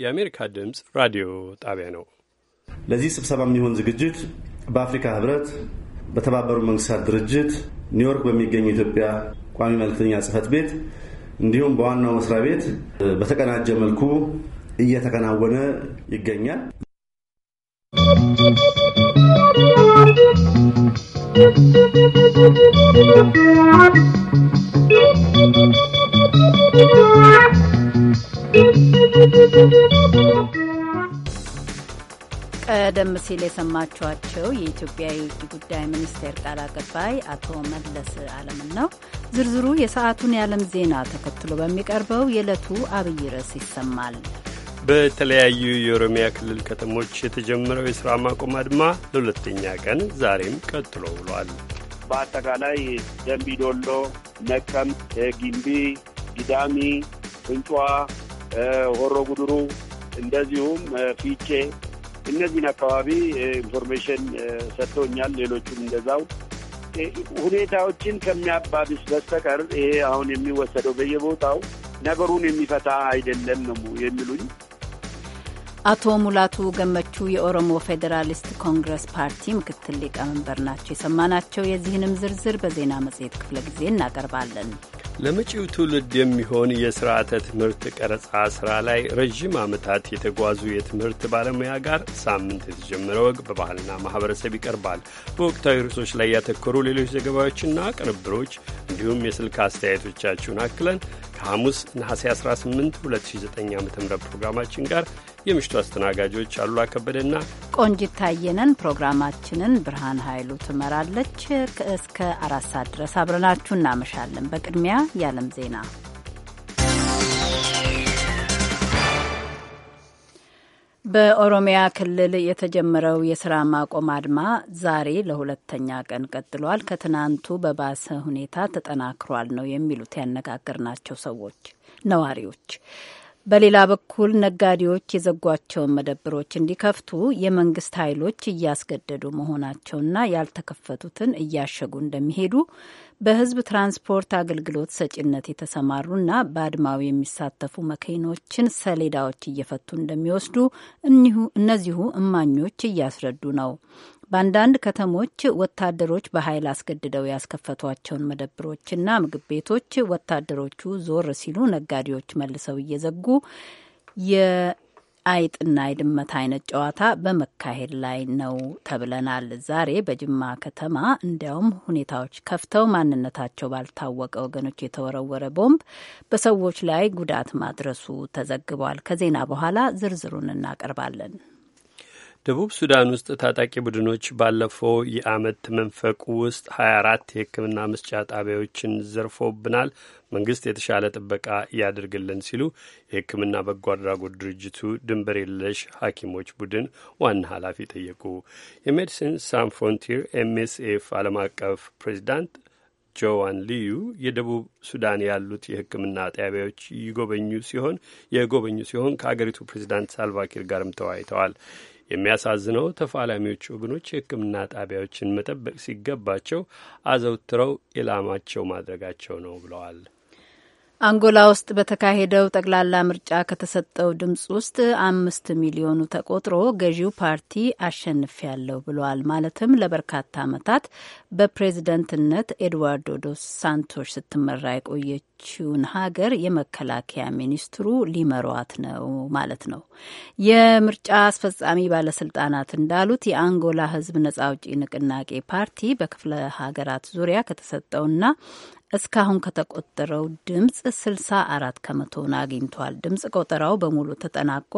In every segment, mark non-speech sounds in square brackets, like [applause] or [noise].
የአሜሪካ ድምፅ ራዲዮ ጣቢያ ነው። ለዚህ ስብሰባ የሚሆን ዝግጅት በአፍሪካ ህብረት፣ በተባበሩት መንግስታት ድርጅት ኒውዮርክ በሚገኙ ኢትዮጵያ ቋሚ መልክተኛ ጽህፈት ቤት እንዲሁም በዋናው መስሪያ ቤት በተቀናጀ መልኩ እየተከናወነ ይገኛል። Thank you. ቀደም ሲል የሰማችኋቸው የኢትዮጵያ የውጭ ጉዳይ ሚኒስቴር ቃል አቀባይ አቶ መለስ አለምን ነው። ዝርዝሩ የሰዓቱን የዓለም ዜና ተከትሎ በሚቀርበው የዕለቱ አብይ ርዕስ ይሰማል። በተለያዩ የኦሮሚያ ክልል ከተሞች የተጀመረው የሥራ ማቆም አድማ ለሁለተኛ ቀን ዛሬም ቀጥሎ ብሏል። በአጠቃላይ ደንቢዶሎ፣ ዶሎ፣ ነቀምት፣ ጊምቢ፣ ጊዳሚ፣ ፍንጫ ሆሮ ጉድሩ፣ እንደዚሁም ፊቼ እነዚህን አካባቢ ኢንፎርሜሽን ሰጥቶኛል። ሌሎቹም እንደዛው ሁኔታዎችን ከሚያባብስ በስተቀር ይሄ አሁን የሚወሰደው በየቦታው ነገሩን የሚፈታ አይደለም ነው የሚሉኝ። አቶ ሙላቱ ገመቹ የኦሮሞ ፌዴራሊስት ኮንግረስ ፓርቲ ምክትል ሊቀመንበር ናቸው። የሰማናቸው የዚህንም ዝርዝር በዜና መጽሔት ክፍለ ጊዜ እናቀርባለን። ለመጪው ትውልድ የሚሆን የስርዓተ ትምህርት ቀረጻ ስራ ላይ ረዥም ዓመታት የተጓዙ የትምህርት ባለሙያ ጋር ሳምንት የተጀመረ ወግ በባህልና ማህበረሰብ ይቀርባል። በወቅታዊ ርዕሶች ላይ ያተኮሩ ሌሎች ዘገባዎችና ቅንብሮች እንዲሁም የስልክ አስተያየቶቻችሁን አክለን ሐሙስ ነሐሴ 18 2009 ዓ ም ፕሮግራማችን ጋር የምሽቱ አስተናጋጆች አሉላ ከበደና ቆንጂት ታየነን። ፕሮግራማችንን ብርሃን ኃይሉ ትመራለች። እስከ አራት ሰዓት ድረስ አብረናችሁ እናመሻለን። በቅድሚያ የዓለም ዜና በኦሮሚያ ክልል የተጀመረው የስራ ማቆም አድማ ዛሬ ለሁለተኛ ቀን ቀጥሏል። ከትናንቱ በባሰ ሁኔታ ተጠናክሯል ነው የሚሉት ያነጋገርናቸው ሰዎች ነዋሪዎች። በሌላ በኩል ነጋዴዎች የዘጓቸውን መደብሮች እንዲከፍቱ የመንግስት ኃይሎች እያስገደዱ መሆናቸውና ያልተከፈቱትን እያሸጉ እንደሚሄዱ በህዝብ ትራንስፖርት አገልግሎት ሰጪነት የተሰማሩና በአድማው የሚሳተፉ መኪኖችን ሰሌዳዎች እየፈቱ እንደሚወስዱ እነዚሁ እማኞች እያስረዱ ነው። በአንዳንድ ከተሞች ወታደሮች በኃይል አስገድደው ያስከፈቷቸውን መደብሮችና ምግብ ቤቶች ወታደሮቹ ዞር ሲሉ ነጋዴዎች መልሰው እየዘጉ የአይጥና የድመት አይነት ጨዋታ በመካሄድ ላይ ነው ተብለናል። ዛሬ በጅማ ከተማ እንዲያውም ሁኔታዎች ከፍተው ማንነታቸው ባልታወቀ ወገኖች የተወረወረ ቦምብ በሰዎች ላይ ጉዳት ማድረሱ ተዘግቧል። ከዜና በኋላ ዝርዝሩን እናቀርባለን። ደቡብ ሱዳን ውስጥ ታጣቂ ቡድኖች ባለፈው የአመት መንፈቁ ውስጥ 24 የሕክምና መስጫ ጣቢያዎችን ዘርፎብናል፣ መንግስት የተሻለ ጥበቃ ያድርግልን ሲሉ የሕክምና በጎ አድራጎት ድርጅቱ ድንበር የለሽ ሐኪሞች ቡድን ዋና ኃላፊ ጠየቁ። የሜዲሲን ሳን ፍሮንቲር ኤምኤስኤፍ ዓለም አቀፍ ፕሬዚዳንት ጆዋን ልዩ የደቡብ ሱዳን ያሉት የህክምና ጣቢያዎች ይጎበኙ ሲሆን የጎበኙ ሲሆን ከአገሪቱ ፕሬዚዳንት ሳልቫኪር ጋርም ተወያይተዋል። የሚያሳዝነው ተፋላሚዎች ወገኖች የሕክምና ጣቢያዎችን መጠበቅ ሲገባቸው አዘውትረው ኢላማቸው ማድረጋቸው ነው ብለዋል። አንጎላ ውስጥ በተካሄደው ጠቅላላ ምርጫ ከተሰጠው ድምፅ ውስጥ አምስት ሚሊዮኑ ተቆጥሮ ገዢው ፓርቲ አሸንፊያለሁ ብለዋል። ማለትም ለበርካታ ዓመታት በፕሬዝደንትነት ኤድዋርዶ ዶስ ሳንቶሽ ስትመራ የቆየችውን ሀገር የመከላከያ ሚኒስትሩ ሊመሯት ነው ማለት ነው። የምርጫ አስፈጻሚ ባለስልጣናት እንዳሉት የአንጎላ ሕዝብ ነጻ አውጪ ንቅናቄ ፓርቲ በክፍለ ሀገራት ዙሪያ ከተሰጠውና እስካሁን ከተቆጠረው ድምፅ 64 ከመቶውን አግኝቷል። ድምፅ ቆጠራው በሙሉ ተጠናቆ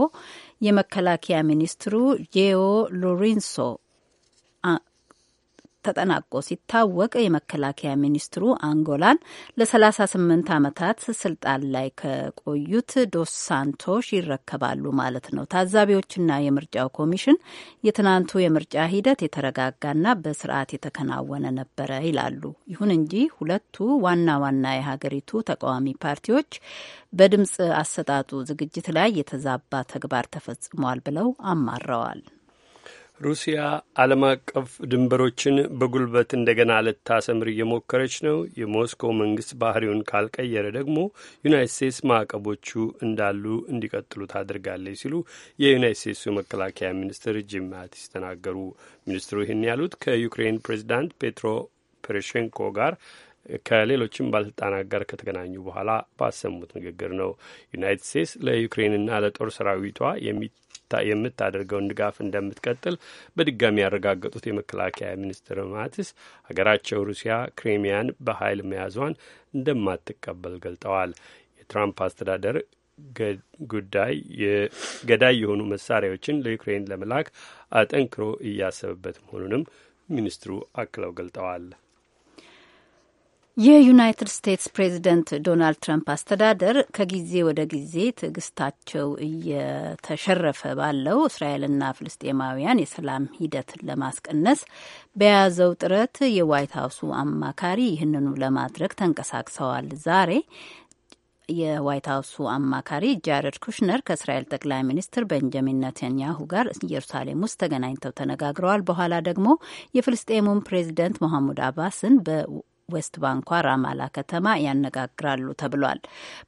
የመከላከያ ሚኒስትሩ ጄኦ ሎሬንሶ ተጠናቆ ሲታወቅ የመከላከያ ሚኒስትሩ አንጎላን ለ38 ዓመታት ስልጣን ላይ ከቆዩት ዶስ ሳንቶሽ ይረከባሉ ማለት ነው። ታዛቢዎችና የምርጫው ኮሚሽን የትናንቱ የምርጫ ሂደት የተረጋጋና በስርዓት የተከናወነ ነበረ ይላሉ። ይሁን እንጂ ሁለቱ ዋና ዋና የሀገሪቱ ተቃዋሚ ፓርቲዎች በድምፅ አሰጣጡ ዝግጅት ላይ የተዛባ ተግባር ተፈጽሟል ብለው አማረዋል። ሩሲያ ዓለም አቀፍ ድንበሮችን በጉልበት እንደገና ልታሰምር እየሞከረች ነው። የሞስኮ መንግስት ባህሪውን ካልቀየረ ደግሞ ዩናይት ስቴትስ ማዕቀቦቹ እንዳሉ እንዲቀጥሉ ታደርጋለች ሲሉ የዩናይት ስቴትሱ መከላከያ ሚኒስትር ጂም ማቲስ ተናገሩ። ሚኒስትሩ ይህን ያሉት ከዩክሬን ፕሬዚዳንት ፔትሮ ፖሮሼንኮ ጋር ከሌሎችም ባለስልጣናት ጋር ከተገናኙ በኋላ ባሰሙት ንግግር ነው። ዩናይትድ ስቴትስ ለዩክሬንና ለጦር ሰራዊቷ የምታደርገውን ድጋፍ እንደምትቀጥል በድጋሚ ያረጋገጡት የመከላከያ ሚኒስትር ማቲስ ሀገራቸው ሩሲያ ክሬሚያን በኃይል መያዟን እንደማትቀበል ገልጠዋል። የትራምፕ አስተዳደር ጉዳይ ገዳይ የሆኑ መሳሪያዎችን ለዩክሬን ለመላክ አጠንክሮ እያሰበበት መሆኑንም ሚኒስትሩ አክለው ገልጠዋል። የዩናይትድ ስቴትስ ፕሬዚደንት ዶናልድ ትራምፕ አስተዳደር ከጊዜ ወደ ጊዜ ትዕግስታቸው እየተሸረፈ ባለው እስራኤልና ፍልስጤማውያን የሰላም ሂደት ለማስቀነስ በያዘው ጥረት የዋይት ሀውሱ አማካሪ ይህንኑ ለማድረግ ተንቀሳቅሰዋል። ዛሬ የዋይት ሀውሱ አማካሪ ጃረድ ኩሽነር ከእስራኤል ጠቅላይ ሚኒስትር በንጃሚን ነተንያሁ ጋር ኢየሩሳሌም ውስጥ ተገናኝተው ተነጋግረዋል። በኋላ ደግሞ የፍልስጤሙን ፕሬዚደንት መሐሙድ አባስን ዌስት ባንኳ ራማላ ከተማ ያነጋግራሉ ተብሏል።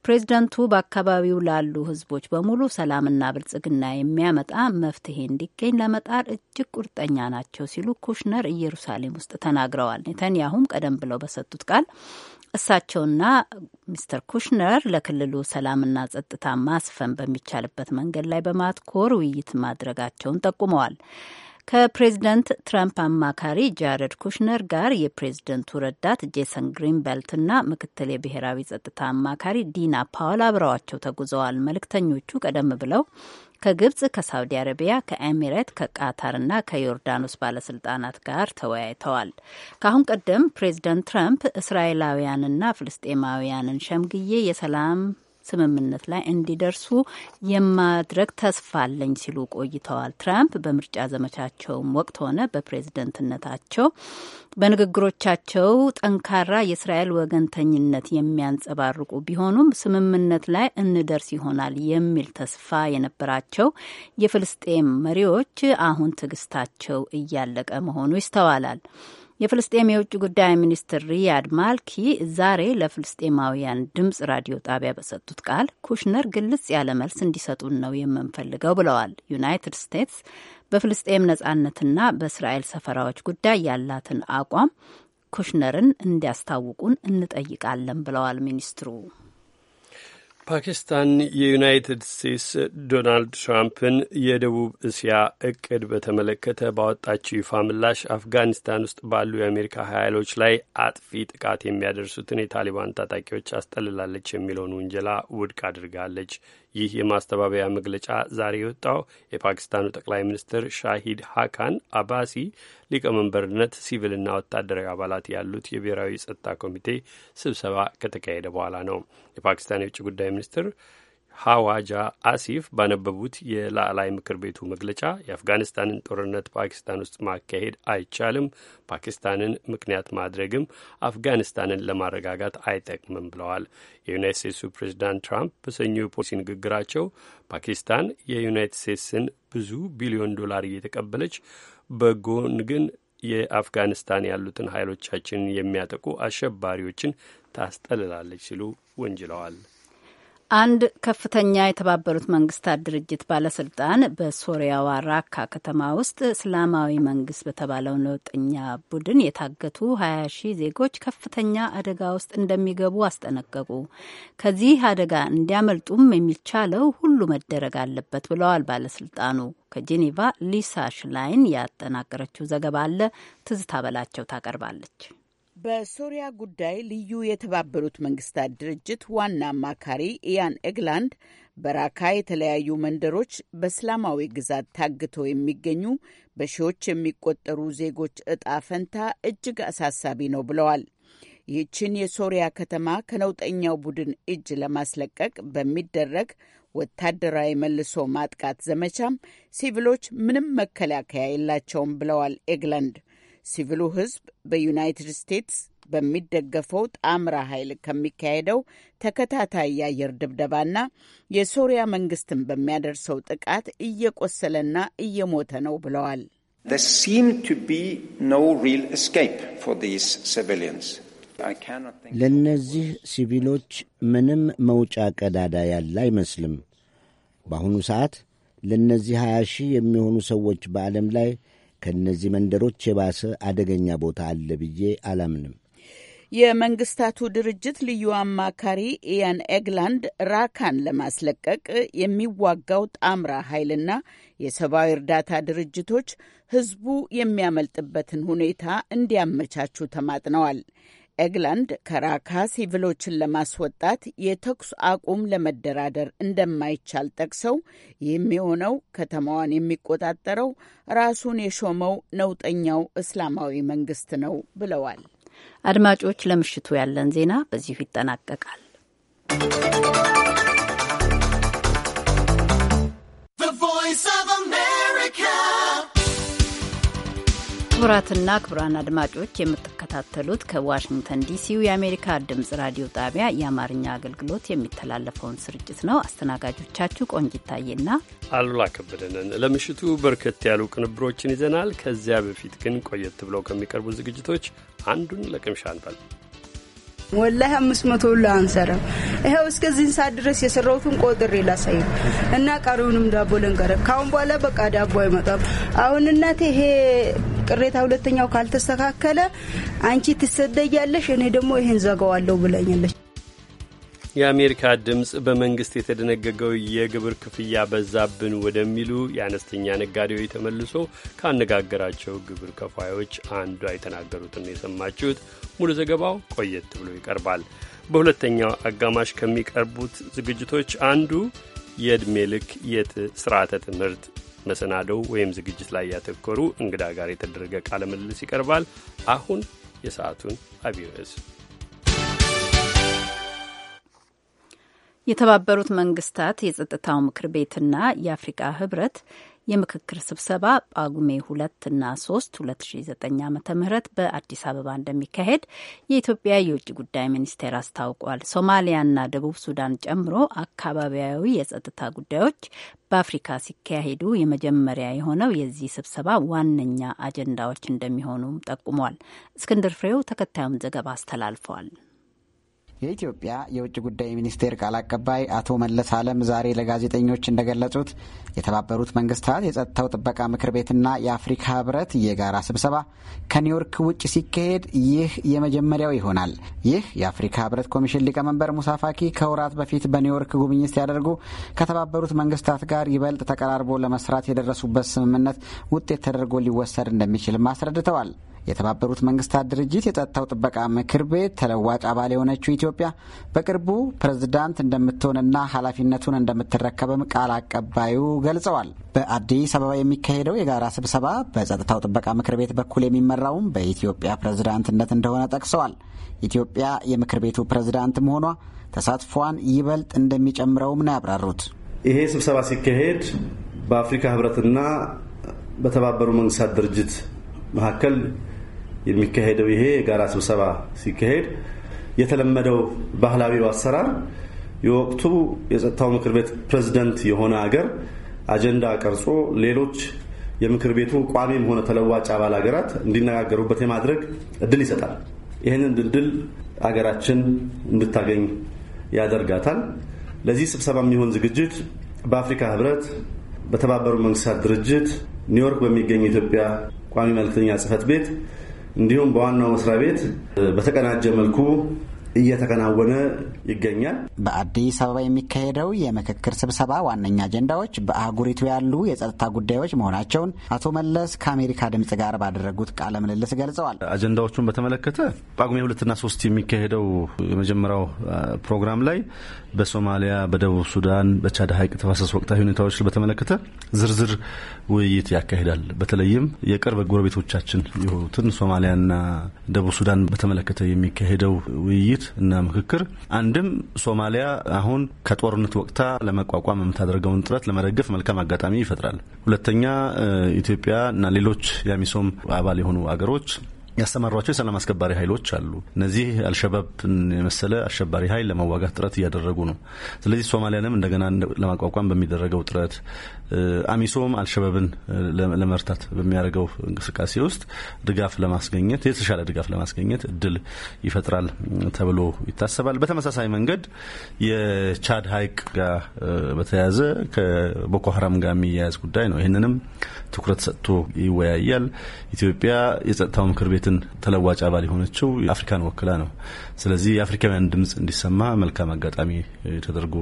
ፕሬዚደንቱ በአካባቢው ላሉ ህዝቦች በሙሉ ሰላምና ብልጽግና የሚያመጣ መፍትሄ እንዲገኝ ለመጣር እጅግ ቁርጠኛ ናቸው ሲሉ ኩሽነር ኢየሩሳሌም ውስጥ ተናግረዋል። ኔተንያሁም ቀደም ብለው በሰጡት ቃል እሳቸውና ሚስተር ኩሽነር ለክልሉ ሰላምና ጸጥታ ማስፈን በሚቻልበት መንገድ ላይ በማትኮር ውይይት ማድረጋቸውን ጠቁመዋል። ከፕሬዝደንት ትራምፕ አማካሪ ጃረድ ኩሽነር ጋር የፕሬዝደንቱ ረዳት ጄሰን እና ምክትል የብሔራዊ ጸጥታ አማካሪ ዲና ፓውል አብረዋቸው ተጉዘዋል። መልእክተኞቹ ቀደም ብለው ከግብጽ፣ ከሳውዲ አረቢያ፣ ከኤሚሬት፣ ከቃታር ና ከዮርዳኖስ ባለስልጣናት ጋር ተወያይተዋል። ከአሁን ቀደም ፕሬዝደንት ትራምፕ እስራኤላውያንና ፍልስጤማውያንን ሸምግዬ የሰላም ስምምነት ላይ እንዲደርሱ የማድረግ ተስፋ አለኝ ሲሉ ቆይተዋል። ትራምፕ በምርጫ ዘመቻቸውም ወቅት ሆነ በፕሬዝደንትነታቸው በንግግሮቻቸው ጠንካራ የእስራኤል ወገንተኝነት የሚያንጸባርቁ ቢሆኑም ስምምነት ላይ እንደርስ ይሆናል የሚል ተስፋ የነበራቸው የፍልስጤም መሪዎች አሁን ትዕግስታቸው እያለቀ መሆኑ ይስተዋላል። የፍልስጤም የውጭ ጉዳይ ሚኒስትር ሪያድ ማልኪ ዛሬ ለፍልስጤማውያን ድምፅ ራዲዮ ጣቢያ በሰጡት ቃል ኩሽነር ግልጽ ያለ መልስ እንዲሰጡን ነው የምንፈልገው ብለዋል። ዩናይትድ ስቴትስ በፍልስጤም ነጻነትና በእስራኤል ሰፈራዎች ጉዳይ ያላትን አቋም ኩሽነርን እንዲያስታውቁን እንጠይቃለን ብለዋል ሚኒስትሩ። ፓኪስታን የዩናይትድ ስቴትስ ዶናልድ ትራምፕን የደቡብ እስያ እቅድ በተመለከተ ባወጣችው ይፋ ምላሽ አፍጋኒስታን ውስጥ ባሉ የአሜሪካ ኃይሎች ላይ አጥፊ ጥቃት የሚያደርሱትን የታሊባን ታጣቂዎች አስጠልላለች የሚለውን ውንጀላ ውድቅ አድርጋለች። ይህ የማስተባበያ መግለጫ ዛሬ የወጣው የፓኪስታኑ ጠቅላይ ሚኒስትር ሻሂድ ሀካን አባሲ ሊቀመንበርነት ሲቪልና ወታደራዊ አባላት ያሉት የብሔራዊ ጸጥታ ኮሚቴ ስብሰባ ከተካሄደ በኋላ ነው። የፓኪስታን የውጭ ጉዳይ ሚኒስትር ሐዋጃ አሲፍ ባነበቡት የላዕላይ ምክር ቤቱ መግለጫ የአፍጋኒስታንን ጦርነት ፓኪስታን ውስጥ ማካሄድ አይቻልም፣ ፓኪስታንን ምክንያት ማድረግም አፍጋኒስታንን ለማረጋጋት አይጠቅምም ብለዋል። የዩናይት ስቴትሱ ፕሬዚዳንት ትራምፕ በሰኞ የፖሊሲ ንግግራቸው ፓኪስታን የዩናይት ስቴትስን ብዙ ቢሊዮን ዶላር እየተቀበለች በጎን ግን የአፍጋኒስታን ያሉትን ኃይሎቻችንን የሚያጠቁ አሸባሪዎችን ታስጠልላለች ሲሉ ወንጅለዋል። አንድ ከፍተኛ የተባበሩት መንግስታት ድርጅት ባለስልጣን በሶሪያዋ ራካ ከተማ ውስጥ እስላማዊ መንግስት በተባለው ነውጠኛ ቡድን የታገቱ ሀያ ሺህ ዜጎች ከፍተኛ አደጋ ውስጥ እንደሚገቡ አስጠነቀቁ። ከዚህ አደጋ እንዲያመልጡም የሚቻለው ሁሉ መደረግ አለበት ብለዋል ባለስልጣኑ። ከጄኔቫ ሊሳ ሽላይን ያጠናቀረችው ዘገባ አለ ትዝታ በላቸው ታቀርባለች። በሶሪያ ጉዳይ ልዩ የተባበሩት መንግስታት ድርጅት ዋና አማካሪ ኢያን ኤግላንድ በራካ የተለያዩ መንደሮች በእስላማዊ ግዛት ታግተው የሚገኙ በሺዎች የሚቆጠሩ ዜጎች እጣ ፈንታ እጅግ አሳሳቢ ነው ብለዋል። ይህችን የሶሪያ ከተማ ከነውጠኛው ቡድን እጅ ለማስለቀቅ በሚደረግ ወታደራዊ መልሶ ማጥቃት ዘመቻም ሲቪሎች ምንም መከላከያ የላቸውም ብለዋል ኤግላንድ። ሲቪሉ ህዝብ በዩናይትድ ስቴትስ በሚደገፈው ጣምራ ኃይል ከሚካሄደው ተከታታይ የአየር ድብደባና የሶሪያ መንግስትን በሚያደርሰው ጥቃት እየቆሰለና እየሞተ ነው ብለዋል። ለእነዚህ ሲቪሎች ምንም መውጫ ቀዳዳ ያለ አይመስልም። በአሁኑ ሰዓት ለእነዚህ 20 ሺህ የሚሆኑ ሰዎች በዓለም ላይ ከእነዚህ መንደሮች የባሰ አደገኛ ቦታ አለ ብዬ አላምንም። የመንግስታቱ ድርጅት ልዩ አማካሪ ኢያን ኤግላንድ ራካን ለማስለቀቅ የሚዋጋው ጣምራ ኃይልና የሰብአዊ እርዳታ ድርጅቶች ህዝቡ የሚያመልጥበትን ሁኔታ እንዲያመቻቹ ተማጥነዋል። ኤግላንድ ከራካስ ሲቪሎችን ለማስወጣት የተኩስ አቁም ለመደራደር እንደማይቻል ጠቅሰው ይህም የሆነው ከተማዋን የሚቆጣጠረው ራሱን የሾመው ነውጠኛው እስላማዊ መንግስት ነው ብለዋል። አድማጮች፣ ለምሽቱ ያለን ዜና በዚሁ ይጠናቀቃል። ክቡራትና ክቡራን አድማጮች የምትከታተሉት ከዋሽንግተን ዲሲው የአሜሪካ ድምጽ ራዲዮ ጣቢያ የአማርኛ አገልግሎት የሚተላለፈውን ስርጭት ነው። አስተናጋጆቻችሁ ቆንጅ ታዬና አሉላ ከበደንን። ለምሽቱ በርከት ያሉ ቅንብሮችን ይዘናል። ከዚያ በፊት ግን ቆየት ብለው ከሚቀርቡ ዝግጅቶች አንዱን ለቅምሻ አንበል። ወላሂ አምስት መቶ ሁሉ አንሰራም። ይኸው እስከዚህን ሰዓት ድረስ የሰራሁትን ቆጥሬ ላሳይ እና ቀሪውንም ዳቦ ልንቀረብ። ካሁን በኋላ በቃ ዳቦ አይመጣም። አሁን እናቴ ይሄ ቅሬታ ሁለተኛው ካልተስተካከለ አንቺ ትሰደያለሽ፣ እኔ ደግሞ ይህን ዘጋዋለሁ ብለኛለች። የአሜሪካ ድምፅ በመንግስት የተደነገገው የግብር ክፍያ በዛብን ወደሚሉ የአነስተኛ ነጋዴዎች ተመልሶ ካነጋገራቸው ግብር ከፋዮች አንዷ የተናገሩትን የሰማችሁት። ሙሉ ዘገባው ቆየት ብሎ ይቀርባል። በሁለተኛው አጋማሽ ከሚቀርቡት ዝግጅቶች አንዱ የዕድሜ ልክ የት ስርዓተ ትምህርት መሰናዶው ወይም ዝግጅት ላይ ያተኮሩ እንግዳ ጋር የተደረገ ቃለ ምልልስ ይቀርባል። አሁን የሰዓቱን አብይ ርዕስ የተባበሩት መንግስታት የጸጥታው ምክር ቤትና የአፍሪቃ ህብረት የምክክር ስብሰባ ጳጉሜ ሁለት እና ሶስት ሁለት ሺ ዘጠኝ ዓመተ ምህረት በአዲስ አበባ እንደሚካሄድ የኢትዮጵያ የውጭ ጉዳይ ሚኒስቴር አስታውቋል። ሶማሊያና ደቡብ ሱዳን ጨምሮ አካባቢያዊ የጸጥታ ጉዳዮች በአፍሪካ ሲካሄዱ የመጀመሪያ የሆነው የዚህ ስብሰባ ዋነኛ አጀንዳዎች እንደሚሆኑም ጠቁሟል። እስክንድር ፍሬው ተከታዩን ዘገባ አስተላልፈዋል። የኢትዮጵያ የውጭ ጉዳይ ሚኒስቴር ቃል አቀባይ አቶ መለስ አለም ዛሬ ለጋዜጠኞች እንደገለጹት የተባበሩት መንግስታት የጸጥታው ጥበቃ ምክር ቤትና የአፍሪካ ህብረት የጋራ ስብሰባ ከኒውዮርክ ውጭ ሲካሄድ ይህ የመጀመሪያው ይሆናል። ይህ የአፍሪካ ህብረት ኮሚሽን ሊቀመንበር ሙሳፋኪ ከወራት በፊት በኒውዮርክ ጉብኝት ሲያደርጉ ከተባበሩት መንግስታት ጋር ይበልጥ ተቀራርቦ ለመስራት የደረሱበት ስምምነት ውጤት ተደርጎ ሊወሰድ እንደሚችልም አስረድተዋል። የተባበሩት መንግስታት ድርጅት የጸጥታው ጥበቃ ምክር ቤት ተለዋጭ አባል የሆነችው ኢትዮጵያ በቅርቡ ፕሬዝዳንት እንደምትሆንና ኃላፊነቱን እንደምትረከብም ቃል አቀባዩ ገልጸዋል። በአዲስ አበባ የሚካሄደው የጋራ ስብሰባ በጸጥታው ጥበቃ ምክር ቤት በኩል የሚመራውም በኢትዮጵያ ፕሬዝዳንትነት እንደሆነ ጠቅሰዋል። ኢትዮጵያ የምክር ቤቱ ፕሬዝዳንት መሆኗ ተሳትፏን ይበልጥ እንደሚጨምረውም ነው ያብራሩት። ይሄ ስብሰባ ሲካሄድ በአፍሪካ ህብረትና በተባበሩ መንግስታት ድርጅት መካከል የሚካሄደው ይሄ የጋራ ስብሰባ ሲካሄድ የተለመደው ባህላዊ አሰራር የወቅቱ የጸጥታው ምክር ቤት ፕሬዝደንት የሆነ አገር አጀንዳ ቀርጾ ሌሎች የምክር ቤቱ ቋሚም ሆነ ተለዋጭ አባል ሀገራት እንዲነጋገሩበት የማድረግ እድል ይሰጣል። ይህንን እድል አገራችን እንድታገኝ ያደርጋታል። ለዚህ ስብሰባ የሚሆን ዝግጅት በአፍሪካ ህብረት፣ በተባበሩ መንግስታት ድርጅት ኒውዮርክ በሚገኝ ኢትዮጵያ ቋሚ መልክተኛ ጽህፈት ቤት እንዲሁም በዋናው መስሪያ ቤት በተቀናጀ መልኩ እየተከናወነ ይገኛል። በአዲስ አበባ የሚካሄደው የምክክር ስብሰባ ዋነኛ አጀንዳዎች በአህጉሪቱ ያሉ የጸጥታ ጉዳዮች መሆናቸውን አቶ መለስ ከአሜሪካ ድምጽ ጋር ባደረጉት ቃለ ምልልስ ገልጸዋል። አጀንዳዎቹን በተመለከተ ጳጉሜ ሁለትና ሶስት የሚካሄደው የመጀመሪያው ፕሮግራም ላይ በሶማሊያ፣ በደቡብ ሱዳን፣ በቻድ ሀይቅ ተፋሰስ ወቅታዊ ሁኔታዎች በተመለከተ ዝርዝር ውይይት ያካሂዳል። በተለይም የቅርብ ጎረቤቶቻችን የሆኑትን ሶማሊያና ደቡብ ሱዳን በተመለከተ የሚካሄደው ውይይት እና ምክክር አንድም ሶማሊያ አሁን ከጦርነት ወቅታ ለመቋቋም የምታደርገውን ጥረት ለመደገፍ መልካም አጋጣሚ ይፈጥራል። ሁለተኛ ኢትዮጵያ እና ሌሎች የሚሶም አባል የሆኑ አገሮች ያሰማሯቸው የሰላም አስከባሪ ኃይሎች አሉ። እነዚህ አልሸባብ የመሰለ አሸባሪ ኃይል ለመዋጋት ጥረት እያደረጉ ነው። ስለዚህ ሶማሊያንም እንደገና ለማቋቋም በሚደረገው ጥረት አሚሶም አልሸበብን ለመርታት በሚያደርገው እንቅስቃሴ ውስጥ ድጋፍ ለማስገኘት የተሻለ ድጋፍ ለማስገኘት እድል ይፈጥራል ተብሎ ይታሰባል። በተመሳሳይ መንገድ የቻድ ሀይቅ ጋር በተያያዘ ከቦኮ ሀራም ጋር የሚያያዝ ጉዳይ ነው። ይህንንም ትኩረት ሰጥቶ ይወያያል። ኢትዮጵያ የጸጥታው ምክር ቤትን ተለዋጭ አባል የሆነችው አፍሪካን ወክላ ነው። ስለዚህ የአፍሪካውያን ድምፅ እንዲሰማ መልካም አጋጣሚ ተደርጎ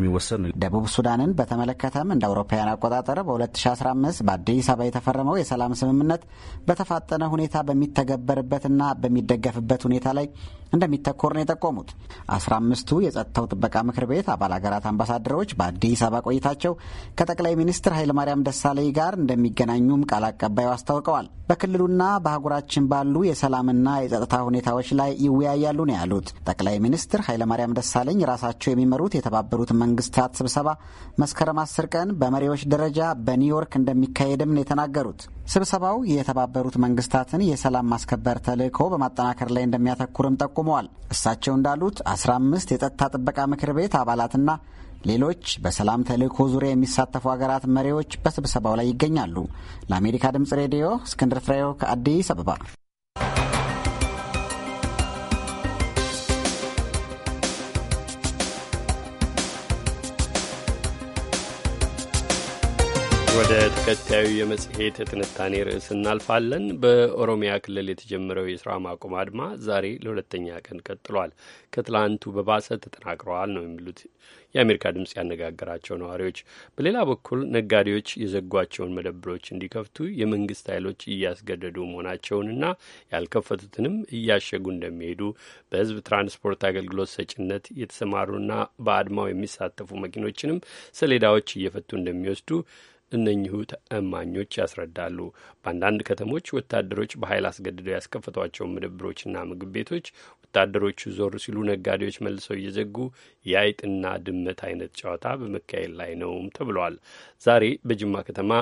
የሚወሰን ነው። ደቡብ ሱዳንን በተመለከተም እንደ አውሮፓውያን አቆጣጠር በ2015 በአዲስ አበባ የተፈረመው የሰላም ስምምነት በተፋጠነ ሁኔታ በሚተገበርበትና በሚደገፍበት ሁኔታ ላይ እንደሚተኮር ነው የጠቆሙት። አስራ አምስቱ የጸጥታው ጥበቃ ምክር ቤት አባል ሀገራት አምባሳደሮች በአዲስ አበባ ቆይታቸው ከጠቅላይ ሚኒስትር ኃይለማርያም ደሳለኝ ጋር እንደሚገናኙም ቃል አቀባዩ አስታውቀዋል። በክልሉና በአህጉራችን ባሉ የሰላምና የጸጥታ ሁኔታዎች ላይ ይወያያሉ ነው ያሉት። ጠቅላይ ሚኒስትር ኃይለማርያም ደሳለኝ ራሳቸው የሚመሩት የተባበሩት መንግስታት ስብሰባ መስከረም አስር ቀን በመሪዎች ደረጃ በኒውዮርክ እንደሚካሄድም ነው የተናገሩት። ስብሰባው የተባበሩት መንግስታትን የሰላም ማስከበር ተልዕኮ በማጠናከር ላይ እንደሚያተኩርም ጠቁ ጠቁመዋል። እሳቸው እንዳሉት 15 የጸጥታ ጥበቃ ምክር ቤት አባላትና ሌሎች በሰላም ተልእኮ ዙሪያ የሚሳተፉ ሀገራት መሪዎች በስብሰባው ላይ ይገኛሉ። ለአሜሪካ ድምፅ ሬዲዮ እስክንድር ፍሬው ከአዲስ አበባ ወደ ተከታዩ የመጽሔት ትንታኔ ርዕስ እናልፋለን። በኦሮሚያ ክልል የተጀመረው የስራ ማቆም አድማ ዛሬ ለሁለተኛ ቀን ቀጥሏል። ከትላንቱ በባሰ ተጠናክረዋል ነው የሚሉት የአሜሪካ ድምፅ ያነጋገራቸው ነዋሪዎች። በሌላ በኩል ነጋዴዎች የዘጓቸውን መደብሮች እንዲከፍቱ የመንግስት ኃይሎች እያስገደዱ መሆናቸውንና ያልከፈቱትንም እያሸጉ እንደሚሄዱ በህዝብ ትራንስፖርት አገልግሎት ሰጭነት የተሰማሩና በአድማው የሚሳተፉ መኪኖችንም ሰሌዳዎች እየፈቱ እንደሚወስዱ እነኚሁ ተእማኞች ያስረዳሉ። በአንዳንድ ከተሞች ወታደሮች በኃይል አስገድደው ያስከፈቷቸውን መደብሮችና ምግብ ቤቶች ወታደሮቹ ዞር ሲሉ ነጋዴዎች መልሰው እየዘጉ የአይጥና ድመት አይነት ጨዋታ በመካሄድ ላይ ነውም ተብሏል። ዛሬ በጅማ ከተማ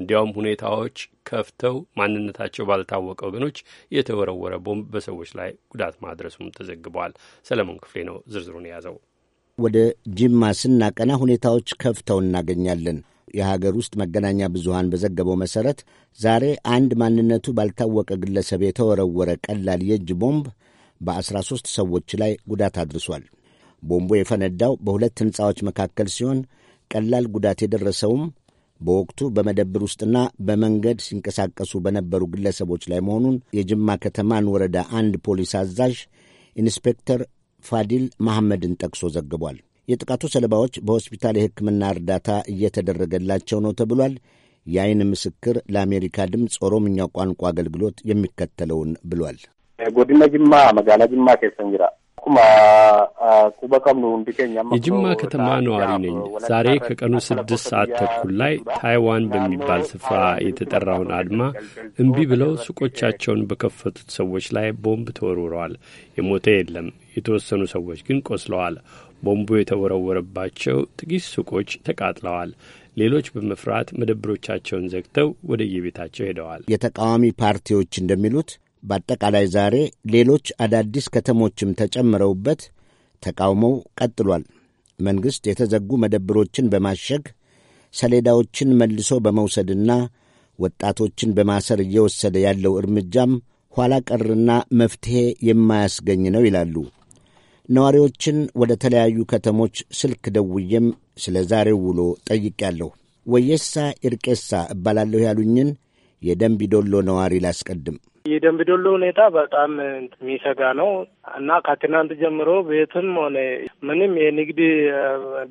እንዲያውም ሁኔታዎች ከፍተው ማንነታቸው ባልታወቀ ወገኖች የተወረወረ ቦምብ በሰዎች ላይ ጉዳት ማድረሱም ተዘግቧል። ሰለሞን ክፍሌ ነው ዝርዝሩን የያዘው። ወደ ጅማ ስናቀና ሁኔታዎች ከፍተው እናገኛለን። የሀገር ውስጥ መገናኛ ብዙሃን በዘገበው መሠረት ዛሬ አንድ ማንነቱ ባልታወቀ ግለሰብ የተወረወረ ቀላል የእጅ ቦምብ በአስራ 13 ሰዎች ላይ ጉዳት አድርሷል። ቦምቡ የፈነዳው በሁለት ሕንፃዎች መካከል ሲሆን ቀላል ጉዳት የደረሰውም በወቅቱ በመደብር ውስጥና በመንገድ ሲንቀሳቀሱ በነበሩ ግለሰቦች ላይ መሆኑን የጅማ ከተማን ወረዳ አንድ ፖሊስ አዛዥ ኢንስፔክተር ፋዲል መሐመድን ጠቅሶ ዘግቧል። የጥቃቱ ሰለባዎች በሆስፒታል የሕክምና እርዳታ እየተደረገላቸው ነው ተብሏል። የአይን ምስክር ለአሜሪካ ድምፅ ኦሮምኛ ቋንቋ አገልግሎት የሚከተለውን ብሏል። ጎድነ ጅማ መጋላ ጅማ ኬሰን የጅማ ከተማ ነዋሪ ነኝ። ዛሬ ከቀኑ ስድስት ሰዓት ተኩል ላይ ታይዋን በሚባል ስፍራ የተጠራውን አድማ እምቢ ብለው ሱቆቻቸውን በከፈቱት ሰዎች ላይ ቦምብ ተወርውረዋል። የሞተ የለም፣ የተወሰኑ ሰዎች ግን ቆስለዋል። ቦምቡ የተወረወረባቸው ጥቂት ሱቆች ተቃጥለዋል። ሌሎች በመፍራት መደብሮቻቸውን ዘግተው ወደ የቤታቸው ሄደዋል። የተቃዋሚ ፓርቲዎች እንደሚሉት በአጠቃላይ ዛሬ ሌሎች አዳዲስ ከተሞችም ተጨምረውበት ተቃውሞው ቀጥሏል። መንግሥት የተዘጉ መደብሮችን በማሸግ ሰሌዳዎችን መልሶ በመውሰድና ወጣቶችን በማሰር እየወሰደ ያለው እርምጃም ኋላ ቀርና መፍትሔ የማያስገኝ ነው ይላሉ ነዋሪዎችን። ወደ ተለያዩ ከተሞች ስልክ ደውዬም ስለ ዛሬው ውሎ ጠይቄያለሁ። ወየሳ ኢርቄሳ እባላለሁ ያሉኝን ዶሎ ነዋሪ ላስቀድም። የደንቢዶሎ ሁኔታ በጣም የሚሰጋ ነው እና ከትናንት ጀምሮ ቤትም ሆነ ምንም የንግድ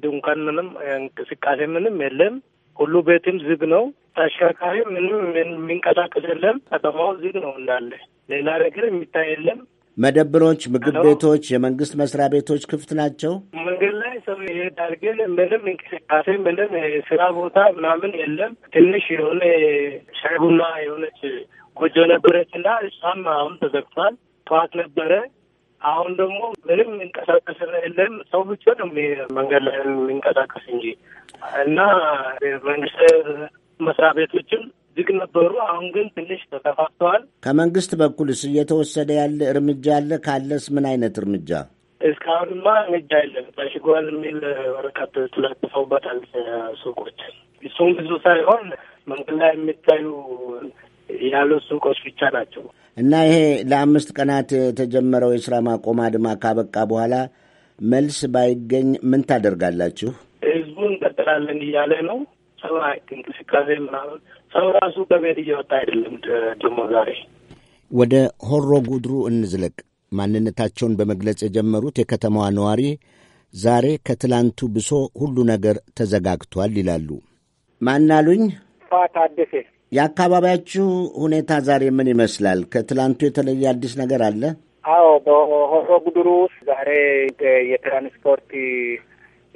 ድንኳን ምንም እንቅስቃሴ ምንም የለም። ሁሉ ቤትም ዝግ ነው። ተሽከርካሪ ምንም የሚንቀሳቀስ የለም። ከተማው ዝግ ነው እንዳለ፣ ሌላ ነገር የሚታይ የለም። መደብሮች፣ ምግብ ቤቶች፣ የመንግስት መስሪያ ቤቶች ክፍት ናቸው። መንግስት ሰው ይሄዳል፣ ግን ምንም እንቅስቃሴ ምንም ስራ ቦታ ምናምን የለም። ትንሽ የሆነ ሻይ ቡና የሆነች ጎጆ ነበረች እና እሷም አሁን ተዘግቷል። ጠዋት ነበረ አሁን ደግሞ ምንም የሚንቀሳቀስ የለም። ሰው ብቻ ነው መንገድ ላይ የሚንቀሳቀስ እንጂ እና መንግስት መስሪያ ቤቶችም ዝግ ነበሩ። አሁን ግን ትንሽ ተከፋፍተዋል። ከመንግስት በኩልስ እየተወሰደ ያለ እርምጃ አለ? ካለስ ምን አይነት እርምጃ እስካሁንማ እርምጃ የለም። ታሽጓል የሚል ወረቀት ተለጥፈውበታል ሱቆች። እሱም ብዙ ሳይሆን መንገድ ላይ የሚታዩ ያሉ ሱቆች ብቻ ናቸው። እና ይሄ ለአምስት ቀናት የተጀመረው የስራ ማቆም አድማ ካበቃ በኋላ መልስ ባይገኝ ምን ታደርጋላችሁ? ህዝቡ እንቀጥላለን እያለ ነው። ሰው እንቅስቃሴ ምናምን ሰው ራሱ ከቤት እየወጣ አይደለም። ደግሞ ዛሬ ወደ ሆሮ ጉድሩ እንዝለቅ። ማንነታቸውን በመግለጽ የጀመሩት የከተማዋ ነዋሪ ዛሬ ከትላንቱ ብሶ ሁሉ ነገር ተዘጋግቷል ይላሉ። ማናሉኝ ታደሴ፣ የአካባቢያችሁ ሁኔታ ዛሬ ምን ይመስላል? ከትላንቱ የተለየ አዲስ ነገር አለ? አዎ፣ በሆሮ ጉድሩ ውስጥ ዛሬ የትራንስፖርት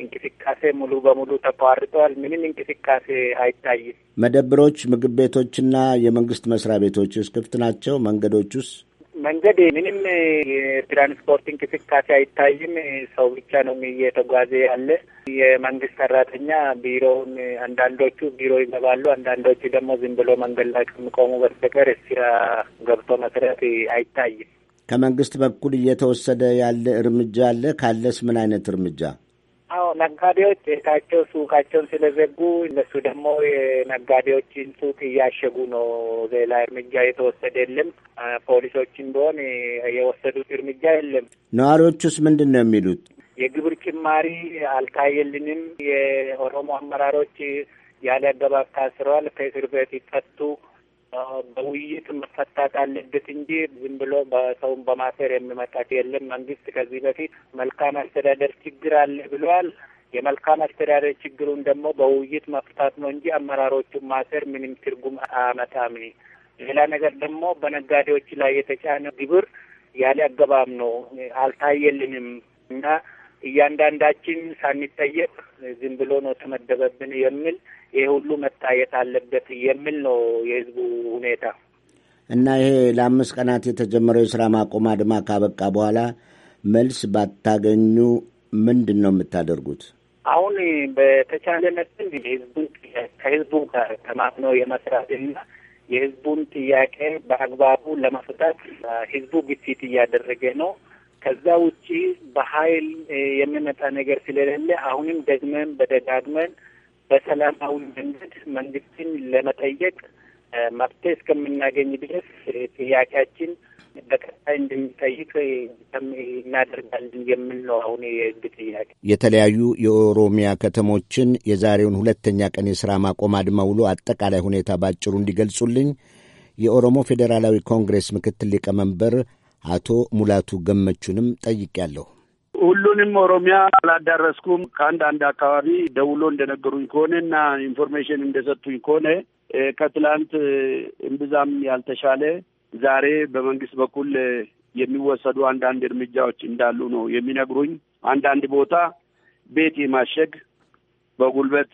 እንቅስቃሴ ሙሉ በሙሉ ተቋርጧል። ምንም እንቅስቃሴ አይታይም። መደብሮች፣ ምግብ ቤቶችና የመንግስት መስሪያ ቤቶችስ ክፍት ናቸው? መንገዶች ውስጥ መንገድ ምንም የትራንስፖርት እንቅስቃሴ አይታይም። ሰው ብቻ ነው እየተጓዘ ያለ። የመንግስት ሰራተኛ ቢሮውን አንዳንዶቹ ቢሮ ይገባሉ፣ አንዳንዶቹ ደግሞ ዝም ብሎ መንገድ ላይ ከሚቆሙ በስተቀር ስራ ገብቶ መስረት አይታይም። ከመንግስት በኩል እየተወሰደ ያለ እርምጃ አለ? ካለስ ምን አይነት እርምጃ? አዎ ነጋዴዎች ቤታቸው ሱቃቸውን ስለዘጉ እነሱ ደግሞ የነጋዴዎችን ሱቅ እያሸጉ ነው። ሌላ እርምጃ የተወሰደ የለም። ፖሊሶችን ቢሆን የወሰዱት እርምጃ የለም። ነዋሪዎቹስ ምንድን ነው የሚሉት? የግብር ጭማሪ አልታየልንም። የኦሮሞ አመራሮች ያለ አገባብ ታስረዋል፣ ከእስር ቤት ይፈቱ በውይይት መፈታት አለበት እንጂ ዝም ብሎ በሰውን በማሰር የሚመጣት የለም። መንግስት ከዚህ በፊት መልካም አስተዳደር ችግር አለ ብለዋል። የመልካም አስተዳደር ችግሩን ደግሞ በውይይት መፍታት ነው እንጂ አመራሮቹን ማሰር ምንም ትርጉም አያመጣም። ሌላ ነገር ደግሞ በነጋዴዎች ላይ የተጫነ ግብር ያለ አገባብ ነው፣ አልታየልንም እና እያንዳንዳችን ሳንጠየቅ ዝም ብሎ ነው ተመደበብን የሚል ይህ ሁሉ መታየት አለበት የሚል ነው የህዝቡ ሁኔታ እና ይሄ ለአምስት ቀናት የተጀመረው የስራ ማቆም አድማ ካበቃ በኋላ መልስ ባታገኙ ምንድን ነው የምታደርጉት? አሁን በተቻለ መጠን ህዝቡን ከህዝቡ ጋር ተማምነው የመስራትና የህዝቡን ጥያቄ በአግባቡ ለመፍታት ህዝቡ ግፊት እያደረገ ነው። ከዛ ውጪ በኃይል የሚመጣ ነገር ስለሌለ አሁንም ደግመን በደጋግመን በሰላማዊ መንገድ መንግስትን ለመጠየቅ መፍትሄ እስከምናገኝ ድረስ ጥያቄያችን በቀጣይ እንደሚጠይቅ እናደርጋለን የሚል ነው። አሁን የህግ ጥያቄ የተለያዩ የኦሮሚያ ከተሞችን የዛሬውን ሁለተኛ ቀን የስራ ማቆም አድማ ውሎ አጠቃላይ ሁኔታ ባጭሩ እንዲገልጹልኝ የኦሮሞ ፌዴራላዊ ኮንግሬስ ምክትል ሊቀመንበር አቶ ሙላቱ ገመቹንም ጠይቄያለሁ። ሁሉንም ኦሮሚያ አላዳረስኩም። ከአንድ አንድ አካባቢ ደውሎ እንደነገሩኝ ከሆነ እና ኢንፎርሜሽን እንደሰጡኝ ከሆነ ከትላንት እምብዛም ያልተሻለ ዛሬ በመንግስት በኩል የሚወሰዱ አንዳንድ እርምጃዎች እንዳሉ ነው የሚነግሩኝ። አንዳንድ ቦታ ቤት የማሸግ በጉልበት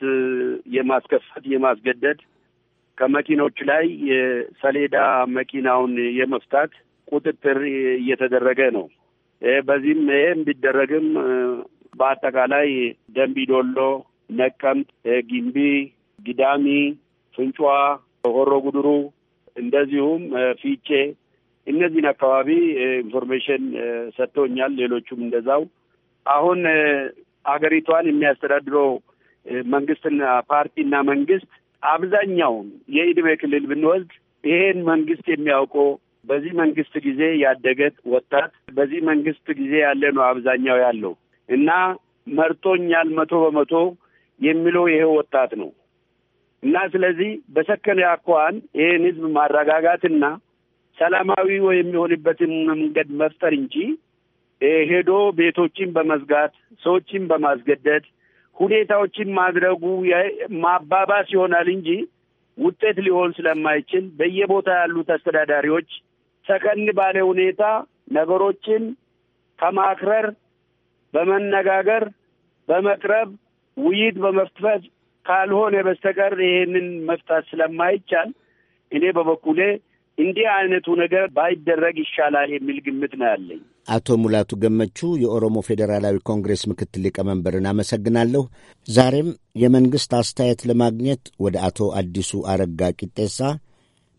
የማስከፈት የማስገደድ ከመኪኖች ላይ የሰሌዳ መኪናውን የመፍታት ቁጥጥር እየተደረገ ነው። በዚህም ይሄ ቢደረግም በአጠቃላይ ደንቢዶሎ፣ ነቀምት፣ ጊምቢ፣ ጊዳሚ፣ ፍንጫ፣ ሆሮ ጉድሩ እንደዚሁም ፊቼ እነዚህን አካባቢ ኢንፎርሜሽን ሰጥቶኛል። ሌሎቹም እንደዛው አሁን አገሪቷን የሚያስተዳድረው መንግስትና ፓርቲና መንግስት አብዛኛውን የኢድሜ ክልል ብንወስድ ይሄን መንግስት የሚያውቀው በዚህ መንግስት ጊዜ ያደገ ወጣት በዚህ መንግስት ጊዜ ያለ ነው አብዛኛው ያለው እና መርጦኛል መቶ በመቶ የሚለው ይሄ ወጣት ነው እና ስለዚህ በሰከነ አኳኋን ይህን ህዝብ ማረጋጋትና ሰላማዊ የሚሆንበትን መንገድ መፍጠር እንጂ ሄዶ ቤቶችን በመዝጋት ሰዎችን በማስገደድ ሁኔታዎችን ማድረጉ ማባባስ ይሆናል እንጂ ውጤት ሊሆን ስለማይችል በየቦታ ያሉት አስተዳዳሪዎች ሰከን ባለ ሁኔታ ነገሮችን ከማክረር በመነጋገር በመቅረብ ውይይት በመፍትፈት ካልሆነ በስተቀር ይህንን መፍታት ስለማይቻል እኔ በበኩሌ እንዲህ አይነቱ ነገር ባይደረግ ይሻላል የሚል ግምት ነው ያለኝ። አቶ ሙላቱ ገመቹ የኦሮሞ ፌዴራላዊ ኮንግሬስ ምክትል ሊቀመንበርን አመሰግናለሁ። ዛሬም የመንግሥት አስተያየት ለማግኘት ወደ አቶ አዲሱ አረጋ ቂጤሳ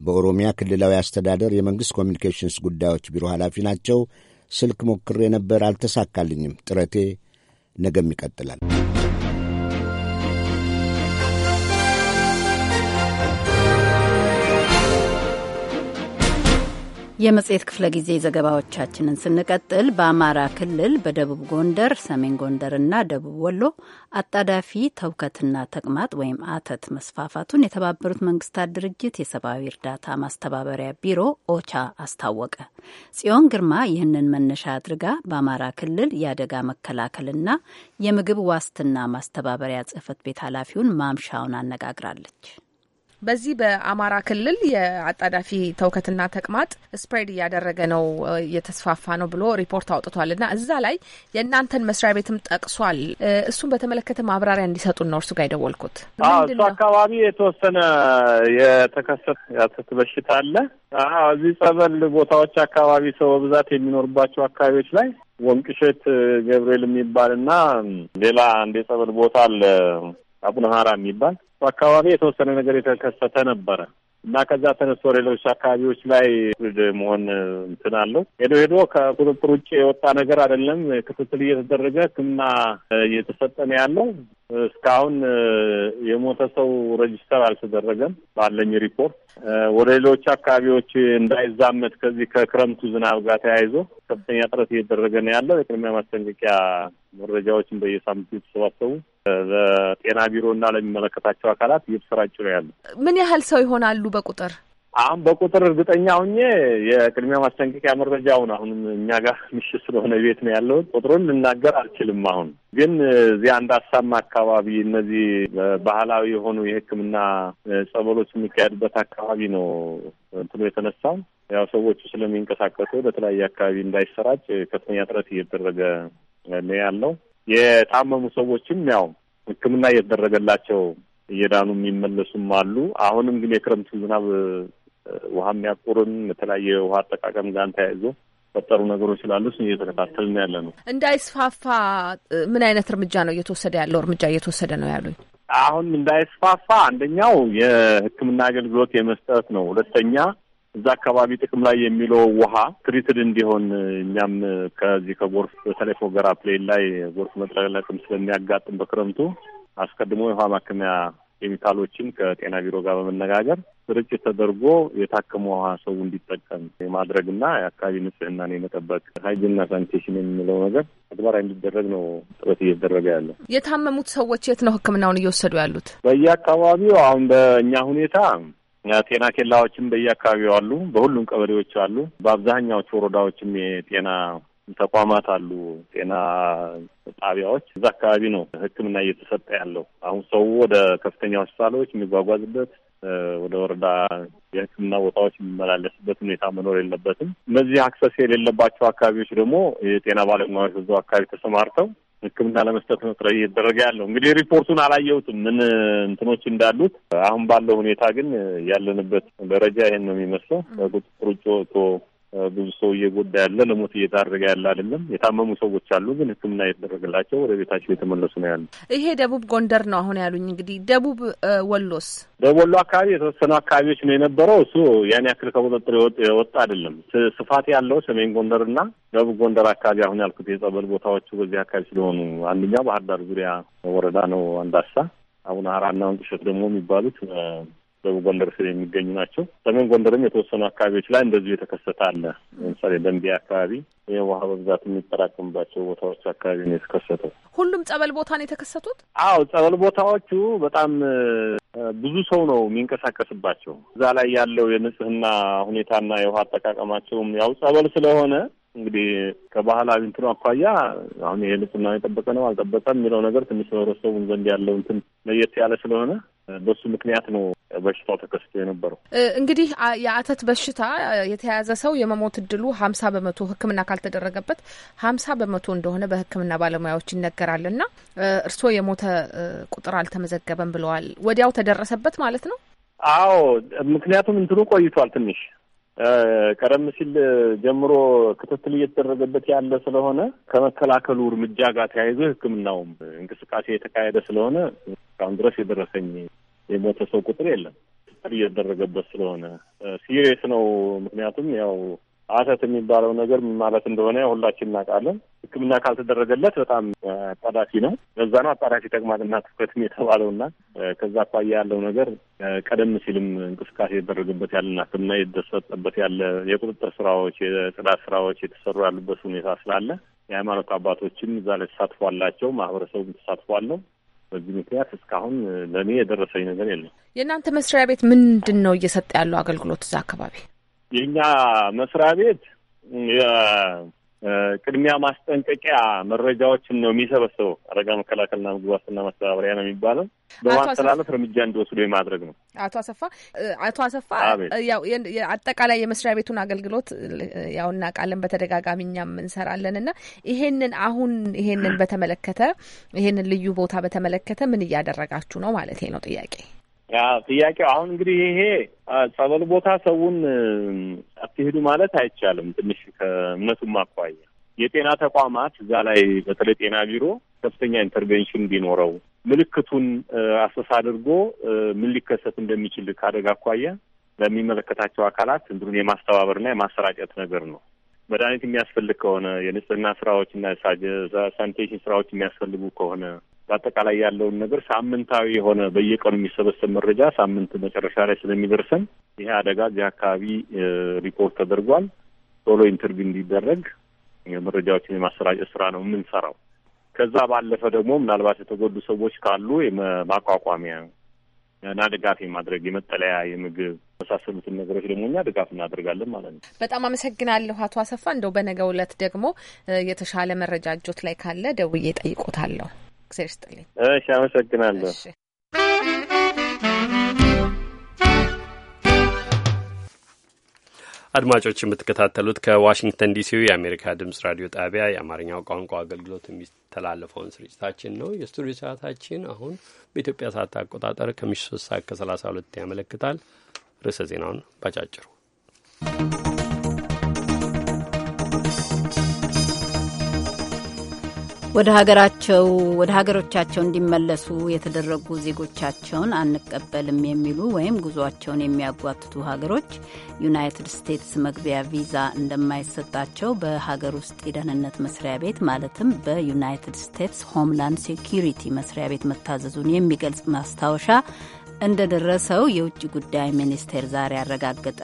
በኦሮሚያ ክልላዊ አስተዳደር የመንግሥት ኮሚኒኬሽንስ ጉዳዮች ቢሮ ኃላፊ ናቸው። ስልክ ሞክሬ ነበር፣ አልተሳካልኝም። ጥረቴ ነገም ይቀጥላል። የመጽሔት ክፍለ ጊዜ ዘገባዎቻችንን ስንቀጥል በአማራ ክልል በደቡብ ጎንደር፣ ሰሜን ጎንደርና ደቡብ ወሎ አጣዳፊ ተውከትና ተቅማጥ ወይም አተት መስፋፋቱን የተባበሩት መንግስታት ድርጅት የሰብአዊ እርዳታ ማስተባበሪያ ቢሮ ኦቻ አስታወቀ። ጽዮን ግርማ ይህንን መነሻ አድርጋ በአማራ ክልል የአደጋ መከላከልና የምግብ ዋስትና ማስተባበሪያ ጽህፈት ቤት ኃላፊውን ማምሻውን አነጋግራለች። በዚህ በአማራ ክልል የአጣዳፊ ተውከትና ተቅማጥ ስፕሬድ እያደረገ ነው እየተስፋፋ ነው ብሎ ሪፖርት አውጥቷል እና እዛ ላይ የእናንተን መስሪያ ቤትም ጠቅሷል። እሱን በተመለከተ ማብራሪያ እንዲሰጡን ነው እርሱ ጋር የደወልኩት። እሱ አካባቢ የተወሰነ የተከሰተ በሽታ አለ። እዚህ ጸበል ቦታዎች አካባቢ ሰው በብዛት የሚኖርባቸው አካባቢዎች ላይ ወንቅሸት ገብርኤል የሚባል እና ሌላ አንድ የጸበል ቦታ አለ አቡነ ሀራ የሚባል በአካባቢ የተወሰነ ነገር የተከሰተ ነበረ እና ከዛ ተነስቶ ሌሎች አካባቢዎች ላይ መሆን እንትን አለው። ሄዶ ሄዶ ከቁጥጥር ውጭ የወጣ ነገር አይደለም። ክትትል እየተደረገ ሕክምና እየተሰጠ ነው ያለው። እስካሁን የሞተ ሰው ሬጅስተር አልተደረገም። ባለኝ ሪፖርት ወደ ሌሎች አካባቢዎች እንዳይዛመት ከዚህ ከክረምቱ ዝናብ ጋር ተያይዞ ከፍተኛ ጥረት እየተደረገ ነው ያለው። የቅድሚያ ማስጠንቀቂያ መረጃዎችን በየሳምንቱ የተሰባሰቡ ለጤና ቢሮ እና ለሚመለከታቸው አካላት እየተሰራጩ ነው ያለው። ምን ያህል ሰው ይሆናሉ በቁጥር? አሁን በቁጥር እርግጠኛ ሁኜ የቅድሚያ ማስጠንቀቂያ መረጃውን አሁንም እኛ ጋር ምሽት ስለሆነ ቤት ነው ያለው ቁጥሩን ልናገር አልችልም። አሁን ግን እዚህ አንድ አሳማ አካባቢ እነዚህ ባህላዊ የሆኑ የሕክምና ጸበሎች የሚካሄድበት አካባቢ ነው እንትኑ የተነሳው። ያው ሰዎቹ ስለሚንቀሳቀሱ በተለያየ አካባቢ እንዳይሰራጭ ከፍተኛ ጥረት እየተደረገ ነው ያለው። የታመሙ ሰዎችም ያው ሕክምና እየተደረገላቸው እየዳኑ የሚመለሱም አሉ። አሁንም ግን የክረምቱ ዝናብ ውሃ የሚያቆርም የተለያየ ውሃ አጠቃቀም ጋር ተያይዞ የሚፈጠሩ ነገሮች ስላሉ እሱን እየተከታተልን ያለ ነው። እንዳይስፋፋ ምን አይነት እርምጃ ነው እየተወሰደ ያለው? እርምጃ እየተወሰደ ነው ያሉኝ። አሁን እንዳይስፋፋ አንደኛው የሕክምና አገልግሎት የመስጠት ነው። ሁለተኛ እዛ አካባቢ ጥቅም ላይ የሚለው ውሃ ትሪትድ እንዲሆን እኛም ከዚህ ከጎርፍ በተለይ ፎገራ ፕሌን ላይ ጎርፍ መጥለቅለቅም ስለሚያጋጥም በክረምቱ አስቀድሞ የውሃ ማከሚያ ኬሚካሎችን ከጤና ቢሮ ጋር በመነጋገር ስርጭት ተደርጎ የታከመ ውሃ ሰው እንዲጠቀም የማድረግና የአካባቢ ንጽህናን የመጠበቅ ሀይጅንና ሳኒቴሽን የምንለው ነገር ተግባራዊ እንዲደረግ ነው ጥረት እየተደረገ ያለ። የታመሙት ሰዎች የት ነው ህክምናውን እየወሰዱ ያሉት? በየአካባቢው አሁን በእኛ ሁኔታ ጤና ኬላዎችም በየአካባቢው አሉ። በሁሉም ቀበሌዎች አሉ። በአብዛኛዎቹ ወረዳዎችም የጤና ተቋማት አሉ፣ ጤና ጣቢያዎች። እዛ አካባቢ ነው ሕክምና እየተሰጠ ያለው። አሁን ሰው ወደ ከፍተኛ ሆስፒታሎች የሚጓጓዝበት ወደ ወረዳ የሕክምና ቦታዎች የሚመላለስበት ሁኔታ መኖር የለበትም። እነዚህ አክሰስ የሌለባቸው አካባቢዎች ደግሞ የጤና ባለሙያዎች እዛው አካባቢ ተሰማርተው ሕክምና ለመስጠት ነው ጥረት እየተደረገ ያለው። እንግዲህ ሪፖርቱን አላየሁትም ምን እንትኖች እንዳሉት። አሁን ባለው ሁኔታ ግን ያለንበት ደረጃ ይሄን ነው የሚመስለው። ከቁጥጥር ውጭ ወጥቶ ብዙ ሰው እየጎዳ ያለ ለሞት እየዳረገ ያለ አይደለም። የታመሙ ሰዎች አሉ፣ ግን ሕክምና የተደረገላቸው ወደ ቤታቸው የተመለሱ ነው ያሉ። ይሄ ደቡብ ጎንደር ነው አሁን ያሉኝ። እንግዲህ ደቡብ ወሎስ? ደቡብ ወሎ አካባቢ የተወሰኑ አካባቢዎች ነው የነበረው። እሱ ያን ያክል ከቁጥጥር የወጣ አይደለም። ስፋት ያለው ሰሜን ጎንደርና ደቡብ ጎንደር አካባቢ አሁን ያልኩት የጸበል ቦታዎቹ በዚህ አካባቢ ስለሆኑ አንደኛው ባህር ዳር ዙሪያ ወረዳ ነው አንዳሳ፣ አቡነ ሀራና ወንቅ እሸት ደግሞ የሚባሉት ደቡብ ጎንደር ስር የሚገኙ ናቸው። ሰሜን ጎንደርም የተወሰኑ አካባቢዎች ላይ እንደዚሁ የተከሰተ አለ። ለምሳሌ ደንቢያ አካባቢ የውሃ በብዛት የሚጠራቀምባቸው ቦታዎች አካባቢ ነው የተከሰተው። ሁሉም ጸበል ቦታ ነው የተከሰቱት? አዎ ጸበል ቦታዎቹ በጣም ብዙ ሰው ነው የሚንቀሳቀስባቸው። እዛ ላይ ያለው የንጽህና ሁኔታና የውሃ አጠቃቀማቸውም ያው ጸበል ስለሆነ እንግዲህ ከባህላዊ እንትኑ አኳያ አሁን ይሄ ንጽህና የጠበቀ ነው አልጠበቀም የሚለው ነገር ትንሽ ህብረተሰቡን ዘንድ ያለው እንትን ለየት ያለ ስለሆነ በሱ ምክንያት ነው በሽታው ተከስቶ የነበረው። እንግዲህ የአተት በሽታ የተያዘ ሰው የመሞት እድሉ ሀምሳ በመቶ ሕክምና ካልተደረገበት ሀምሳ በመቶ እንደሆነ በሕክምና ባለሙያዎች ይነገራል። እና እርስዎ የሞተ ቁጥር አልተመዘገበም ብለዋል። ወዲያው ተደረሰበት ማለት ነው? አዎ፣ ምክንያቱም እንትኑ ቆይቷል ትንሽ ቀደም ሲል ጀምሮ ክትትል እየተደረገበት ያለ ስለሆነ ከመከላከሉ እርምጃ ጋር ተያይዞ ሕክምናውም እንቅስቃሴ የተካሄደ ስለሆነ እስካሁን ድረስ የደረሰኝ የሞተ ሰው ቁጥር የለም። ክትትል እየተደረገበት ስለሆነ ሲሪየስ ነው። ምክንያቱም ያው አተት የሚባለው ነገር ማለት እንደሆነ ሁላችን እናውቃለን። ሕክምና ካልተደረገለት በጣም አጣዳፊ ነው። በዛ ነው አጣዳፊ ተቅማጥና ትኩረትም የተባለውና ከዛ አኳያ ያለው ነገር ቀደም ሲልም እንቅስቃሴ የተደረገበት ያለና ሕክምና የተደሰጠበት ያለ የቁጥጥር ስራዎች፣ የጽዳት ስራዎች የተሰሩ ያሉበት ሁኔታ ስላለ የሃይማኖት አባቶችም እዛ ላይ ተሳትፎ አላቸው። ማህበረሰቡም ተሳትፎ አለው። በዚህ ምክንያት እስካሁን ለእኔ የደረሰኝ ነገር የለም። የእናንተ መስሪያ ቤት ምንድን ነው እየሰጠ ያለው አገልግሎት እዛ አካባቢ? የእኛ መስሪያ ቤት የቅድሚያ ማስጠንቀቂያ መረጃዎችን ነው የሚሰበስበው። አደጋ መከላከልና ምግብ ዋስትና ማስተባበሪያ ነው የሚባለው። በማስተላለፍ እርምጃ እንዲወስዱ የማድረግ ነው። አቶ አሰፋ አቶ አሰፋ ያው አጠቃላይ የመስሪያ ቤቱን አገልግሎት ያው እናውቃለን፣ በተደጋጋሚ እኛም እንሰራለን እና ይሄንን አሁን ይሄንን በተመለከተ ይሄንን ልዩ ቦታ በተመለከተ ምን እያደረጋችሁ ነው ማለት ነው ጥያቄ ጥያቄው አሁን እንግዲህ ይሄ ጸበል ቦታ ሰውን አትሄዱ ማለት አይቻልም። ትንሽ ከእምነቱም አኳያ የጤና ተቋማት እዛ ላይ በተለይ ጤና ቢሮ ከፍተኛ ኢንተርቬንሽን ቢኖረው ምልክቱን አሰሳ አድርጎ ምን ሊከሰት እንደሚችል ካደግ አኳያ ለሚመለከታቸው አካላት እንትኑን የማስተባበርና የማሰራጨት ነገር ነው። መድኃኒት የሚያስፈልግ ከሆነ የንጽህና ስራዎች ሳኒቴሽን ስራዎች የሚያስፈልጉ ከሆነ በአጠቃላይ ያለውን ነገር ሳምንታዊ የሆነ በየቀኑ የሚሰበሰብ መረጃ ሳምንት መጨረሻ ላይ ስለሚደርሰን ይሄ አደጋ እዚህ አካባቢ ሪፖርት ተደርጓል፣ ቶሎ ኢንተርቪው እንዲደረግ መረጃዎችን የማሰራጨት ስራ ነው የምንሰራው። ከዛ ባለፈ ደግሞ ምናልባት የተጎዱ ሰዎች ካሉ ማቋቋሚያ እና ድጋፍ የማድረግ የመጠለያ፣ የምግብ መሳሰሉትን ነገሮች ደግሞ እኛ ድጋፍ እናደርጋለን ማለት ነው። በጣም አመሰግናለሁ አቶ አሰፋ። እንደው በነገው ውለት ደግሞ የተሻለ መረጃ እጆት ላይ ካለ ደውዬ ጠይቆታለሁ። እግዜር ይስጥልኝ። እሺ፣ አመሰግናለሁ። አድማጮች የምትከታተሉት ከዋሽንግተን ዲሲው የአሜሪካ ድምጽ ራዲዮ ጣቢያ የአማርኛው ቋንቋ አገልግሎት የሚተላለፈውን ስርጭታችን ነው። የስቱዲዮ ሰዓታችን አሁን በኢትዮጵያ ሰዓት አቆጣጠር ከምሽቱ ሶስት ሰዓት ከሰላሳ ሁለት ያመለክታል። ርዕሰ ዜናውን ባጫጭሩ ወደ ሀገራቸው ወደ ሀገሮቻቸው እንዲመለሱ የተደረጉ ዜጎቻቸውን አንቀበልም የሚሉ ወይም ጉዟቸውን የሚያጓትቱ ሀገሮች ዩናይትድ ስቴትስ መግቢያ ቪዛ እንደማይሰጣቸው በሀገር ውስጥ የደህንነት መስሪያ ቤት ማለትም በዩናይትድ ስቴትስ ሆምላንድ ሴኪሪቲ መስሪያ ቤት መታዘዙን የሚገልጽ ማስታወሻ እንደደረሰው የውጭ ጉዳይ ሚኒስቴር ዛሬ አረጋገጠ።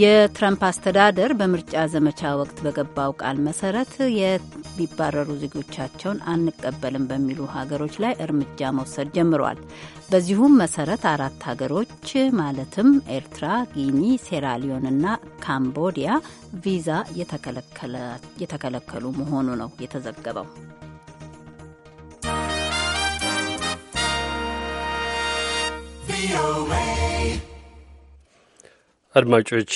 የትራምፕ አስተዳደር በምርጫ ዘመቻ ወቅት በገባው ቃል መሰረት የሚባረሩ ዜጎቻቸውን አንቀበልም በሚሉ ሀገሮች ላይ እርምጃ መውሰድ ጀምሯል። በዚሁም መሰረት አራት ሀገሮች ማለትም ኤርትራ፣ ጊኒ፣ ሴራሊዮን እና ካምቦዲያ ቪዛ የተከለከሉ መሆኑ ነው የተዘገበው። ቪኦኤ አድማጮች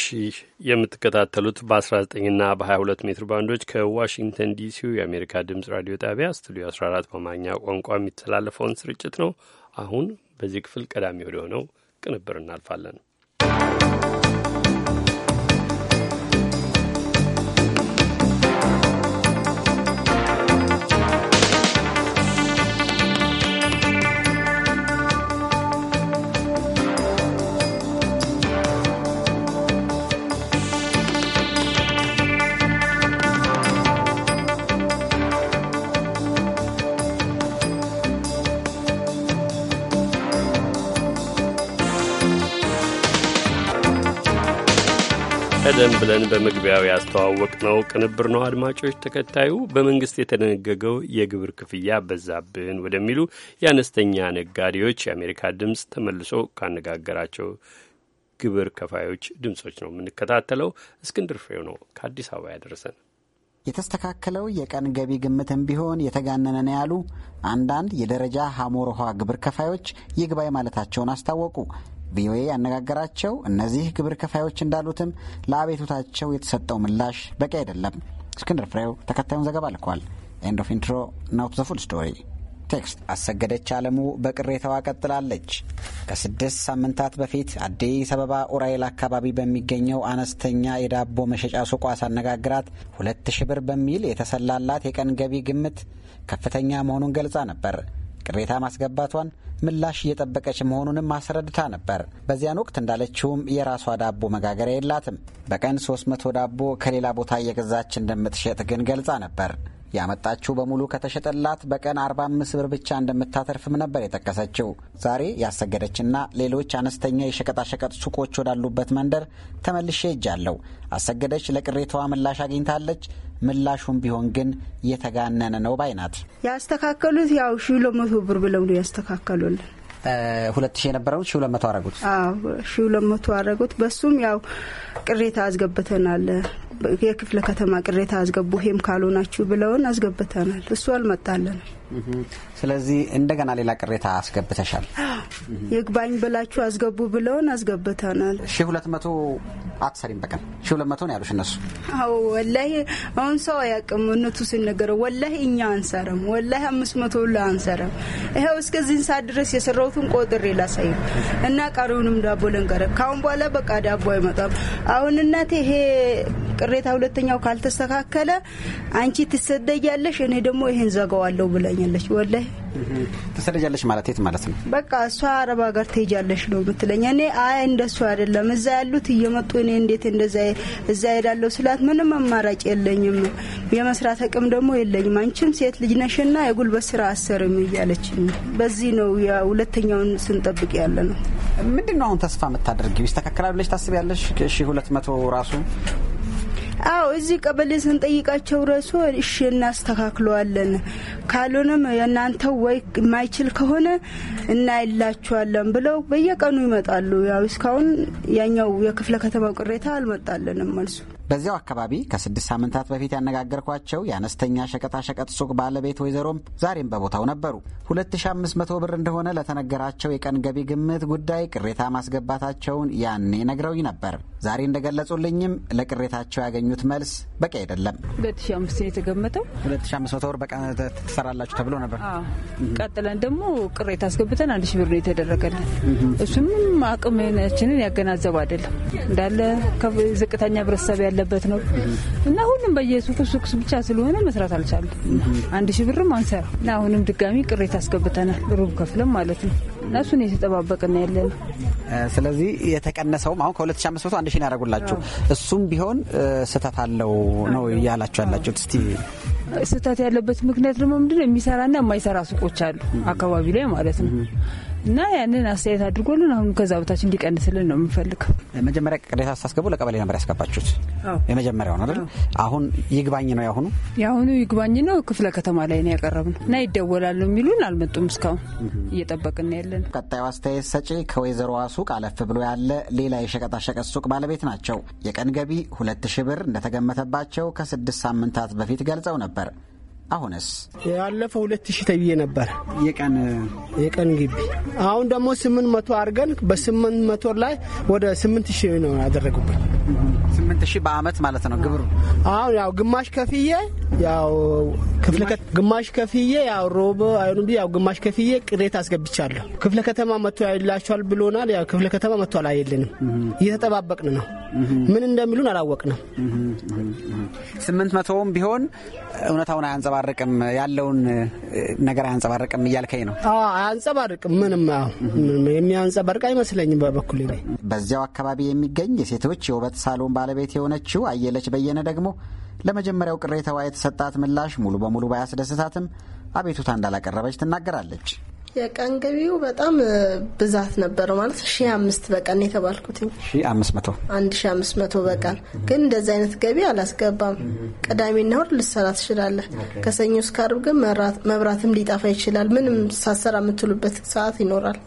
የምትከታተሉት በ19ና በ22 ሜትር ባንዶች ከዋሽንግተን ዲሲው የአሜሪካ ድምፅ ራዲዮ ጣቢያ ስቱዲዮ 14 በአማርኛ ቋንቋ የሚተላለፈውን ስርጭት ነው። አሁን በዚህ ክፍል ቀዳሚ ወደ ሆነው ቅንብር እናልፋለን። ቀደም ብለን በመግቢያው ነው ቅንብር ነው። አድማጮች፣ ተከታዩ በመንግስት የተደነገገው የግብር ክፍያ በዛብህን ወደሚሉ የአነስተኛ ነጋዴዎች የአሜሪካ ድምፅ ተመልሶ ካነጋገራቸው ግብር ከፋዮች ድምጾች ነው የምንከታተለው። እስክንድር ፍሬው ነው ከአዲስ አበባ ያደረሰን። የተስተካከለው የቀን ገቢ ግምትም ቢሆን የተጋነነ ነው ያሉ አንዳንድ የደረጃ ውሃ ግብር ከፋዮች ይግባኝ ማለታቸውን አስታወቁ። ቪኦኤ ያነጋገራቸው እነዚህ ግብር ከፋዮች እንዳሉትም ለአቤቱታቸው የተሰጠው ምላሽ በቂ አይደለም። እስክንድር ፍሬው ተከታዩን ዘገባ ልኳል። ኤንድ ኦፍ ኢንትሮ ናውት ዘፉል ስቶሪ ቴክስት አሰገደች አለሙ በቅሬታዋ ቀጥላለች። ከስድስት ሳምንታት በፊት አዲስ አበባ ኡራኤል አካባቢ በሚገኘው አነስተኛ የዳቦ መሸጫ ሱቋ ሳነጋግራት ሁለት ሺ ብር በሚል የተሰላላት የቀን ገቢ ግምት ከፍተኛ መሆኑን ገልጻ ነበር። ቅሬታ ማስገባቷን ምላሽ እየጠበቀች መሆኑንም አስረድታ ነበር። በዚያን ወቅት እንዳለችውም የራሷ ዳቦ መጋገሪያ የላትም። በቀን 300 ዳቦ ከሌላ ቦታ እየገዛች እንደምትሸጥ ግን ገልጻ ነበር። ያመጣችው በሙሉ ከተሸጠላት በቀን 45 ብር ብቻ እንደምታተርፍም ነበር የጠቀሰችው። ዛሬ ያሰገደችና ሌሎች አነስተኛ የሸቀጣሸቀጥ ሱቆች ወዳሉበት መንደር ተመልሼ እጃለሁ። አሰገደች ለቅሬታዋ ምላሽ አግኝታለች። ምላሹም ቢሆን ግን የተጋነነ ነው ባይ ናት። ያስተካከሉት ያው ሺ ሁለት መቶ ብር ብለው ነው ያስተካከሉልን። ሁለት ሺ የነበረውን ሺ ሁለት መቶ አረጉት። ሺ ሁለት መቶ አረጉት። በሱም ያው ቅሬታ አስገብተናል። የክፍለ ከተማ ቅሬታ አስገቡ ሄም ካሉ ናችሁ ብለውን አስገብተናል። እሱ አልመጣለንም። ስለዚህ እንደገና ሌላ ቅሬታ አስገብተሻል። ይግባኝ ብላችሁ አስገቡ ብለውን አስገብተናል። ሺ ሁለት መቶ አትሰሪም በቀን ሺ ሁለት መቶ ነው ያሉሽ እነሱ። አዎ ወላሂ አሁን ሰው አያውቅም። እነቱ ሲነገረው ወላሂ እኛ አንሰረም፣ ወላሂ አምስት መቶ ሁሉ አንሰረም። ይኸው እስከዚህን ሰዓት ድረስ የሰራሁትን ቆጥሬ ላሳይ እና ቀሪውንም ዳቦ ልንቀረ ካሁን በኋላ በቃ ዳቦ አይመጣም። አሁን እናቴ ይሄ ቅሬታ ሁለተኛው ካልተስተካከለ አንቺ ትሰደጃለሽ፣ እኔ ደግሞ ይሄን ዘጋዋለሁ ብለኛለች። ወላሂ ትሰደጃለሽ ማለት የት ማለት ነው? በቃ እሷ አረብ ሀገር ትሄጃለሽ ነው ምትለኝ። እኔ አይ እንደሱ አይደለም፣ እዛ ያሉት እየመጡ እኔ እንዴት እንደዛ እዛ ሄዳለሁ ስላት ምንም አማራጭ የለኝም፣ የመስራት አቅም ደግሞ የለኝም፣ አንቺም ሴት ልጅ ነሽና የጉልበት ስራ አሰርም እያለች በዚህ ነው ሁለተኛውን ስንጠብቅ ያለ ነው። ምንድን ነው አሁን ተስፋ የምታደርጊው? ይስተካከላል ብለሽ ታስቢያለሽ? ሺ ሁለት መቶ ራሱ አዎ እዚህ ቀበሌ ስንጠይቃቸው ረሶ እሺ እናስተካክለዋለን፣ ካልሆነም እናንተው ወይ የማይችል ከሆነ እናይላችኋለን ብለው በየቀኑ ይመጣሉ። ያው እስካሁን ያኛው የክፍለ ከተማው ቅሬታ አልመጣለንም መልሱ በዚያው አካባቢ ከስድስት ሳምንታት በፊት ያነጋገርኳቸው የአነስተኛ ሸቀጣሸቀጥ ሱቅ ባለቤት ወይዘሮም ዛሬም በቦታው ነበሩ። 2500 ብር እንደሆነ ለተነገራቸው የቀን ገቢ ግምት ጉዳይ ቅሬታ ማስገባታቸውን ያኔ ነግረውኝ ነበር። ዛሬ እንደገለጹልኝም ለቅሬታቸው ያገኙት መልስ በቂ አይደለም። 2500 ነው የተገመተው። 2500 ብር በቀን ትሰራላችሁ ተብሎ ነበር። ቀጥለን ደግሞ ቅሬታ አስገብተን አንድ ሺ ብር ነው የተደረገልን። እሱም አቅማችንን ያገናዘብ አይደለም። እንዳለ ዝቅተኛ ህብረተሰብ ያለ ያለበት ነው እና ሁሉም በየሱቁ ሱቅ ብቻ ስለሆነ መስራት አልቻለም። አንድ ሺ ብርም አንሰራ እና አሁንም ድጋሚ ቅሬታ አስገብተናል። ሩብ ከፍለም ማለት ነው እና እሱን የተጠባበቅና ያለ ነው። ስለዚህ የተቀነሰውም አሁን ከ2500 አንድ ሺህ ያደረጉላችሁ እሱም ቢሆን ስህተት አለው ነው እያላችሁ ያላችሁት እስቲ ስህተት ያለበት ምክንያት ደግሞ ምንድነው? የሚሰራና የማይሰራ ሱቆች አሉ አካባቢ ላይ ማለት ነው። እና ያንን አስተያየት አድርጎልን አሁን ከዛ በታች እንዲቀንስልን ነው የምንፈልገው። መጀመሪያ ቅሬታ ስታስገቡ ለቀበሌ ነበር ያስገባችሁት? የመጀመሪያው ነው አይደል? አሁን ይግባኝ ነው ያሁኑ የአሁኑ ይግባኝ ነው ክፍለ ከተማ ላይ ነው ያቀረብነው እና ይደወላሉ የሚሉን አልመጡም። እስካሁን እየጠበቅን ያለን። ቀጣዩ አስተያየት ሰጪ ከወይዘሮ ሱቅ አለፍ ብሎ ያለ ሌላ የሸቀጣሸቀጥ ሱቅ ባለቤት ናቸው። የቀን ገቢ ሁለት ሺህ ብር እንደተገመተባቸው ከስድስት ሳምንታት በፊት ገልጸው ነበር። አሁንስ ያለፈው ሁለት ሺህ ተብዬ ነበር የቀን የቀን ግቢ አሁን ደግሞ ስምንት መቶ አድርገን በስምንት መቶ ላይ ወደ ስምንት ሺህ ነው ያደረጉበት ስምንት ሺህ በአመት ማለት ነው ግብሩ። አሁን ያው ግማሽ ከፍዬ ያው ክፍለ ግማሽ ከፍዬ ያው ሮብ አይኑ ያው ግማሽ ከፍዬ ቅሬት አስገብቻለሁ። ክፍለ ከተማ መጥቶ ያይላቸዋል ብሎናል። ያው ክፍለ ከተማ መጥቶ አላየልንም። እየተጠባበቅን ነው። ምን እንደሚሉን አላወቅንም። ስምንት መቶውም ቢሆን እውነታውን አያንጸባ አያንጸባርቅም ያለውን ነገር አያንጸባርቅም እያልከኝ ነው? አያንጸባርቅም። ምንም የሚያንጸባርቅ አይመስለኝም በበኩል ላይ። በዚያው አካባቢ የሚገኝ የሴቶች የውበት ሳሎን ባለቤት የሆነችው አየለች በየነ ደግሞ ለመጀመሪያው ቅሬታዋ የተሰጣት ምላሽ ሙሉ በሙሉ ባያስደስታትም አቤቱታ እንዳላቀረበች ትናገራለች። የቀን ገቢው በጣም ብዛት ነበረ ማለት ሺ አምስት በቀን የተባልኩት ሺ አምስት መቶ አንድ ሺ አምስት መቶ በቀን ግን እንደዚህ አይነት ገቢ አላስገባም። ቅዳሜና እሁድ ልሰራ ትችላለህ። ከሰኞ እስከ አርብ ግን መብራትም ሊጠፋ ይችላል። ምንም ሳሰራ የምትሉበት ሰዓት ይኖራል።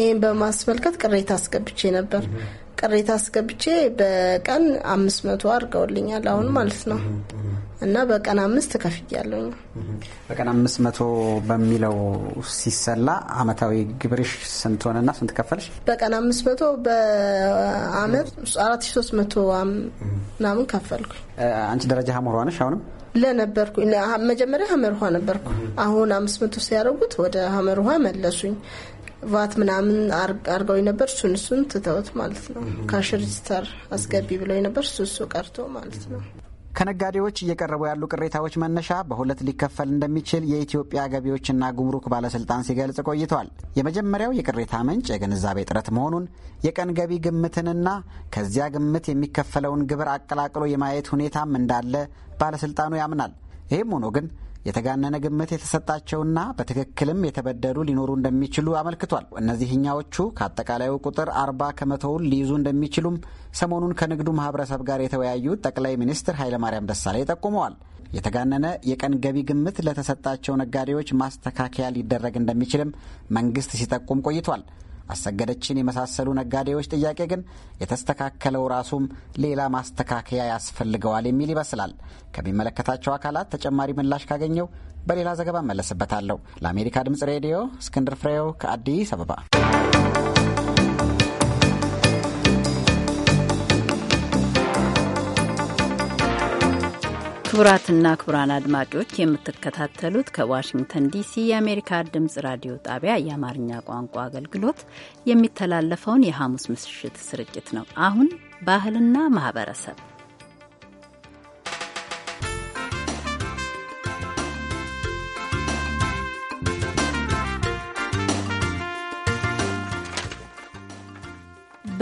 ይህም በማስመልከት ቅሬታ አስገብቼ ነበር። ቅሬታ አስገብቼ በቀን አምስት መቶ አድርገውልኛል አሁን ማለት ነው። እና በቀን አምስት ከፍያለሁ። በቀን አምስት መቶ በሚለው ሲሰላ አመታዊ ግብርሽ ስንት ሆነና ስንት ከፈልሽ? በቀን አምስት መቶ በአመት አራት ሺ ሶስት መቶ ምናምን ከፈልኩ። አንቺ ደረጃ ሀመር ሆነሽ አሁንም ለነበርኩ መጀመሪያ ሀመር ውሃ ነበርኩ። አሁን አምስት መቶ ሲያደርጉት ወደ ሀመር ውሃ መለሱኝ። ቫት ምናምን አርገው ነበር። እሱን እሱን ትተውት ማለት ነው። ካሽ ሬጅስተር አስገቢ ብለው ነበር። እሱ እሱ ቀርቶ ማለት ነው። ከነጋዴዎች እየቀረቡ ያሉ ቅሬታዎች መነሻ በሁለት ሊከፈል እንደሚችል የኢትዮጵያ ገቢዎችና ጉምሩክ ባለስልጣን ሲገልጽ ቆይቷል። የመጀመሪያው የቅሬታ ምንጭ የግንዛቤ ጥረት መሆኑን የቀን ገቢ ግምትንና ከዚያ ግምት የሚከፈለውን ግብር አቀላቅሎ የማየት ሁኔታም እንዳለ ባለስልጣኑ ያምናል። ይህም ሆኖ ግን የተጋነነ ግምት የተሰጣቸውና በትክክልም የተበደሉ ሊኖሩ እንደሚችሉ አመልክቷል። እነዚህኛዎቹ ከአጠቃላዩ ቁጥር አርባ ከመቶውን ሊይዙ እንደሚችሉም ሰሞኑን ከንግዱ ማህበረሰብ ጋር የተወያዩ ጠቅላይ ሚኒስትር ኃይለማርያም ደሳለኝ ጠቁመዋል። የተጋነነ የቀን ገቢ ግምት ለተሰጣቸው ነጋዴዎች ማስተካከያ ሊደረግ እንደሚችልም መንግስት ሲጠቁም ቆይቷል። አሰገደችን የመሳሰሉ ነጋዴዎች ጥያቄ ግን የተስተካከለው ራሱም ሌላ ማስተካከያ ያስፈልገዋል የሚል ይመስላል። ከሚመለከታቸው አካላት ተጨማሪ ምላሽ ካገኘው በሌላ ዘገባ እመለስበታለሁ። ለአሜሪካ ድምፅ ሬዲዮ እስክንድር ፍሬው ከአዲስ አበባ ክቡራትና ክቡራን አድማጮች የምትከታተሉት ከዋሽንግተን ዲሲ የአሜሪካ ድምጽ ራዲዮ ጣቢያ የአማርኛ ቋንቋ አገልግሎት የሚተላለፈውን የሐሙስ ምሽት ስርጭት ነው። አሁን ባህልና ማህበረሰብ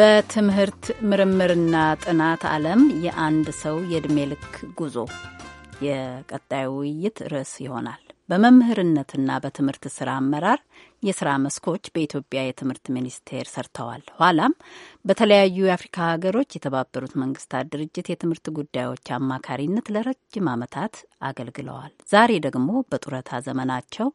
በትምህርት ምርምርና ጥናት ዓለም የአንድ ሰው የዕድሜ ልክ ጉዞ የቀጣዩ ውይይት ርዕስ ይሆናል። በመምህርነትና በትምህርት ስራ አመራር የስራ መስኮች በኢትዮጵያ የትምህርት ሚኒስቴር ሰርተዋል። ኋላም በተለያዩ የአፍሪካ ሀገሮች የተባበሩት መንግስታት ድርጅት የትምህርት ጉዳዮች አማካሪነት ለረጅም ዓመታት አገልግለዋል። ዛሬ ደግሞ በጡረታ ዘመናቸው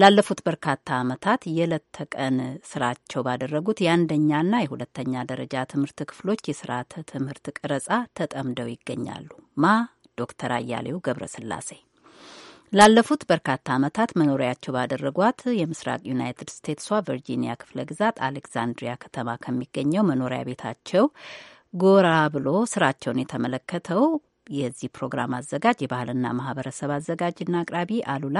ላለፉት በርካታ ዓመታት የዕለት ተቀን ስራቸው ባደረጉት የአንደኛና የሁለተኛ ደረጃ ትምህርት ክፍሎች የስርዓተ ትምህርት ቀረጻ ተጠምደው ይገኛሉ ማ ዶክተር አያሌው ገብረስላሴ ላለፉት በርካታ ዓመታት መኖሪያቸው ባደረጓት የምስራቅ ዩናይትድ ስቴትሷ ቨርጂኒያ ክፍለ ግዛት አሌክዛንድሪያ ከተማ ከሚገኘው መኖሪያ ቤታቸው ጎራ ብሎ ስራቸውን የተመለከተው የዚህ ፕሮግራም አዘጋጅ የባህልና ማህበረሰብ አዘጋጅና አቅራቢ አሉላ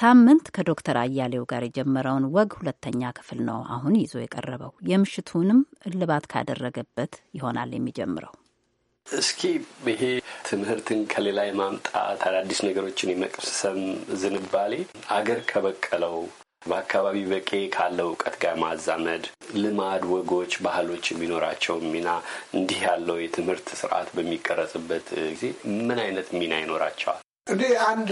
ሳምንት ከዶክተር አያሌው ጋር የጀመረውን ወግ ሁለተኛ ክፍል ነው አሁን ይዞ የቀረበው። የምሽቱንም እልባት ካደረገበት ይሆናል የሚጀምረው። እስኪ ይሄ ትምህርትን ከሌላ የማምጣት አዳዲስ ነገሮችን የመቅሰም ዝንባሌ አገር ከበቀለው በአካባቢ በቂ ካለው እውቀት ጋር ማዛመድ ልማድ፣ ወጎች፣ ባህሎች የሚኖራቸውን ሚና እንዲህ ያለው የትምህርት ስርዓት በሚቀረጽበት ጊዜ ምን አይነት ሚና ይኖራቸዋል? እንዲህ አንድ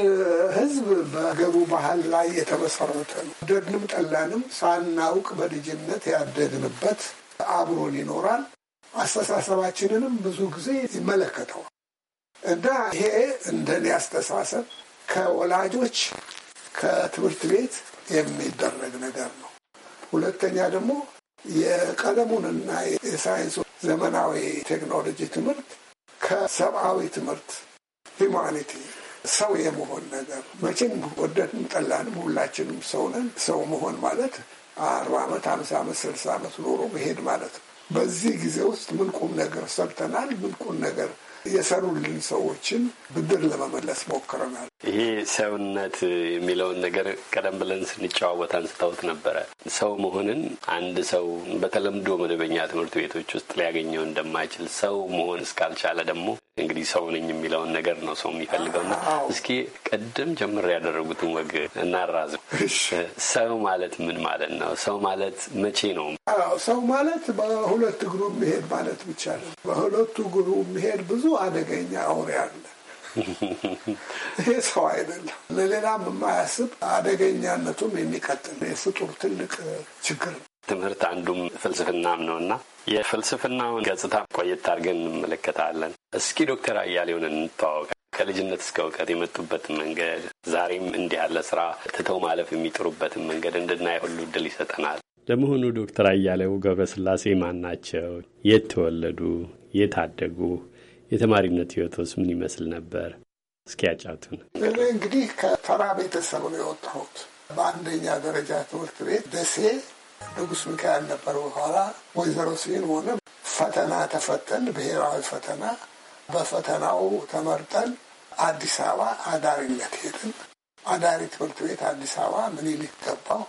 ህዝብ በገቡ ባህል ላይ የተመሰረተ ነው። ወደድንም ጠላንም ሳናውቅ በልጅነት ያደግንበት አብሮን ይኖራል። አስተሳሰባችንንም ብዙ ጊዜ ይመለከተዋል እና ይሄ እንደኔ አስተሳሰብ ከወላጆች ከትምህርት ቤት የሚደረግ ነገር ነው። ሁለተኛ ደግሞ የቀለሙንና የሳይንሱ ዘመናዊ ቴክኖሎጂ ትምህርት ከሰብአዊ ትምህርት ሂማኒቲ ሰው የመሆን ነገር መቼም ወደድም ጠላንም ሁላችንም ሰው ነን። ሰው መሆን ማለት አርባ ዓመት፣ ሀምሳ ዓመት፣ ስልሳ ዓመት ኖሮ መሄድ ማለት ነው። በዚህ ጊዜ ውስጥ ምን ቁም ነገር ሰርተናል፣ ምን ቁም ነገር የሰሩልን ሰዎችን ብድር ለመመለስ ሞክረናል። ይሄ ሰውነት የሚለውን ነገር ቀደም ብለን ስንጨዋወት አንስታውት ነበረ። ሰው መሆንን አንድ ሰው በተለምዶ መደበኛ ትምህርት ቤቶች ውስጥ ሊያገኘው እንደማይችል ሰው መሆን እስካልቻለ ደግሞ እንግዲህ ሰው ነኝ የሚለውን ነገር ነው ሰው የሚፈልገውና እስኪ ቀደም ጀምር ያደረጉትን ወግ እናራዝ። ሰው ማለት ምን ማለት ነው? ሰው ማለት መቼ ነው? ሰው ማለት በሁለት እግሩ መሄድ ማለት ብቻ ነው። በሁለቱ እግሩ መሄድ ብዙ አደገኛ አውሬ አለ። ይሄ ሰው አይደለም። ለሌላም የማያስብ አደገኛነቱም የሚቀጥል የፍጡር ትልቅ ችግር ነው። ትምህርት አንዱም ፍልስፍናም ነው እና የፍልስፍናውን ገጽታ ቆየት አድርገን እንመለከታለን። እስኪ ዶክተር አያሌውን እንተዋወቅ። ከልጅነት እስከ እውቀት የመጡበትን መንገድ፣ ዛሬም እንዲህ ያለ ስራ ትተው ማለፍ የሚጥሩበትን መንገድ እንድናይ ሁሉ እድል ይሰጠናል። ለመሆኑ ዶክተር አያሌው ገብረስላሴ ማን ናቸው? የት ተወለዱ? የት አደጉ? የተማሪነት ህይወቶስ ምን ይመስል ነበር? እስኪ ያጫቱን። እንግዲህ ከተራ ቤተሰብ ነው የወጣሁት። በአንደኛ ደረጃ ትምህርት ቤት ደሴ ንጉስ ሚካኤል ነበር። በኋላ ወይዘሮ ሆነ ፈተና ተፈተን፣ ብሔራዊ ፈተና። በፈተናው ተመርጠን አዲስ አበባ አዳሪነት ሄድን። አዳሪ ትምህርት ቤት አዲስ አበባ ምኒልክ ገባሁ።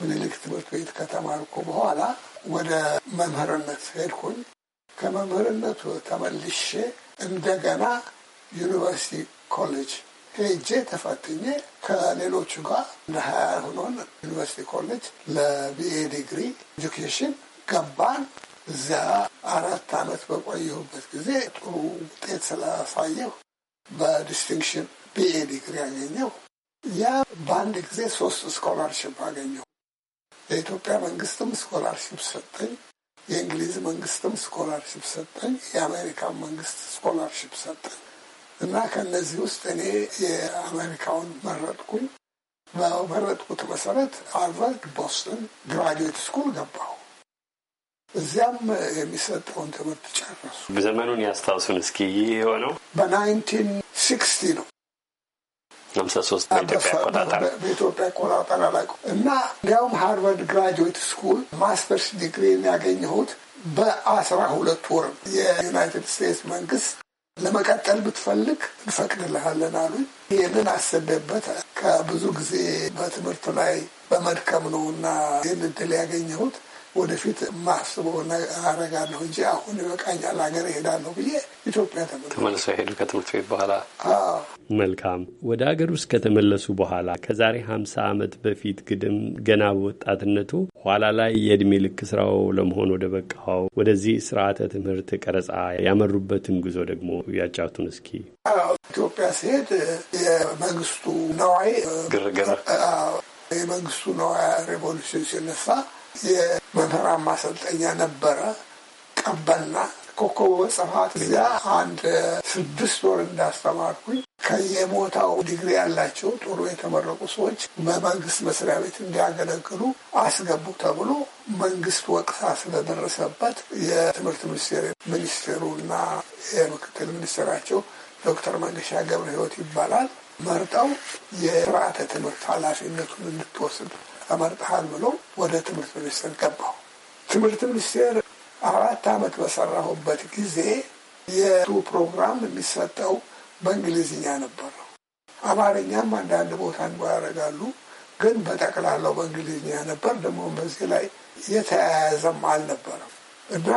ምኒልክ ትምህርት ቤት ከተማርኩ በኋላ ወደ መምህርነት ሄድኩኝ። ከመምህርነቱ ተመልሼ እንደገና ዩኒቨርሲቲ ኮሌጅ ሄጄ ተፈትኜ ከሌሎቹ ጋር እንደ ሀያ ሆኖን ዩኒቨርሲቲ ኮሌጅ ለቢኤ ዲግሪ ኤጁኬሽን ገባን። እዚያ አራት አመት በቆየሁበት ጊዜ ጥሩ ውጤት ስላሳየሁ በዲስቲንክሽን ቢኤ ዲግሪ ያገኘው ያ በአንድ ጊዜ ሶስት ስኮላርሽፕ አገኘሁ። የኢትዮጵያ መንግስትም ስኮላርሽፕ ሰጠኝ። የእንግሊዝ መንግስትም ስኮላርሽፕ ሰጠኝ። የአሜሪካን መንግስት ስኮላርሽፕ ሰጠኝ። እና ከነዚህ ውስጥ እኔ የአሜሪካውን መረጥኩኝ። በመረጥኩት መሰረት ሃርቫርድ ቦስተን ግራጁዌት ስኩል ገባሁ። እዚያም የሚሰጠውን ትምህርት ጨረሱ። ዘመኑን ያስታውሱን እስኪ። ይህ የሆነው በናይንቲን ሲክስቲ ነው ሶስት በኢትዮጵያ አቆጣጠር አላውቅም። እና እንዲያውም ሃርቫርድ ግራጁዌት ስኩል ማስተርስ ዲግሪ ያገኘሁት በአስራ ሁለት ወር የዩናይትድ ስቴትስ መንግስት ለመቀጠል ብትፈልግ እንፈቅድልሃለን አሉ። ይህንን አስቤበት ከብዙ ጊዜ በትምህርቱ ላይ በመድከም ነው እና ይህን እድል ያገኘሁት ወደፊት ማስበውና አረጋለሁ እንጂ አሁን ይበቃኛል፣ ሀገር እሄዳለሁ ብዬ ኢትዮጵያ ተመልሶ ሄዱ ከትምህርት ቤት በኋላ። መልካም ወደ ሀገር ውስጥ ከተመለሱ በኋላ ከዛሬ ሀምሳ ዓመት በፊት ግድም ገና በወጣትነቱ ኋላ ላይ የእድሜ ልክ ስራው ለመሆን ወደ በቃው ወደዚህ ስርዓተ ትምህርት ቀረጻ ያመሩበትን ጉዞ ደግሞ ያጫቱን እስኪ። ኢትዮጵያ ሲሄድ የመንግስቱ ነዋይ ግርግር የመንግስቱ ነዋይ ሬቮሉሽን ሲነሳ የመምህራን ማሰልጠኛ ነበረ። ቀበና ኮከቦ በጽፋት እዚያ አንድ ስድስት ወር እንዳስተማርኩኝ ከየቦታው ዲግሪ ያላቸው ጥሩ የተመረቁ ሰዎች በመንግስት መስሪያ ቤት እንዲያገለግሉ አስገቡ ተብሎ መንግስት ወቅሳ ስለደረሰበት የትምህርት ሚኒስቴር ሚኒስቴሩና የምክትል ሚኒስትራቸው ዶክተር መንገሻ ገብረ ህይወት ይባላል መርጠው የስርዓተ ትምህርት ኃላፊነቱን እንድትወስድ ተመርጠሃል ብሎ ወደ ትምህርት ሚኒስቴር ገባሁ። ትምህርት ሚኒስቴር አራት ዓመት በሰራሁበት ጊዜ የቱ ፕሮግራም የሚሰጠው በእንግሊዝኛ ነበረው። አማርኛም አንዳንድ ቦታ እንኳ ያደርጋሉ፣ ግን በጠቅላላው በእንግሊዝኛ ነበር። ደግሞ በዚህ ላይ የተያያዘም አልነበረም እና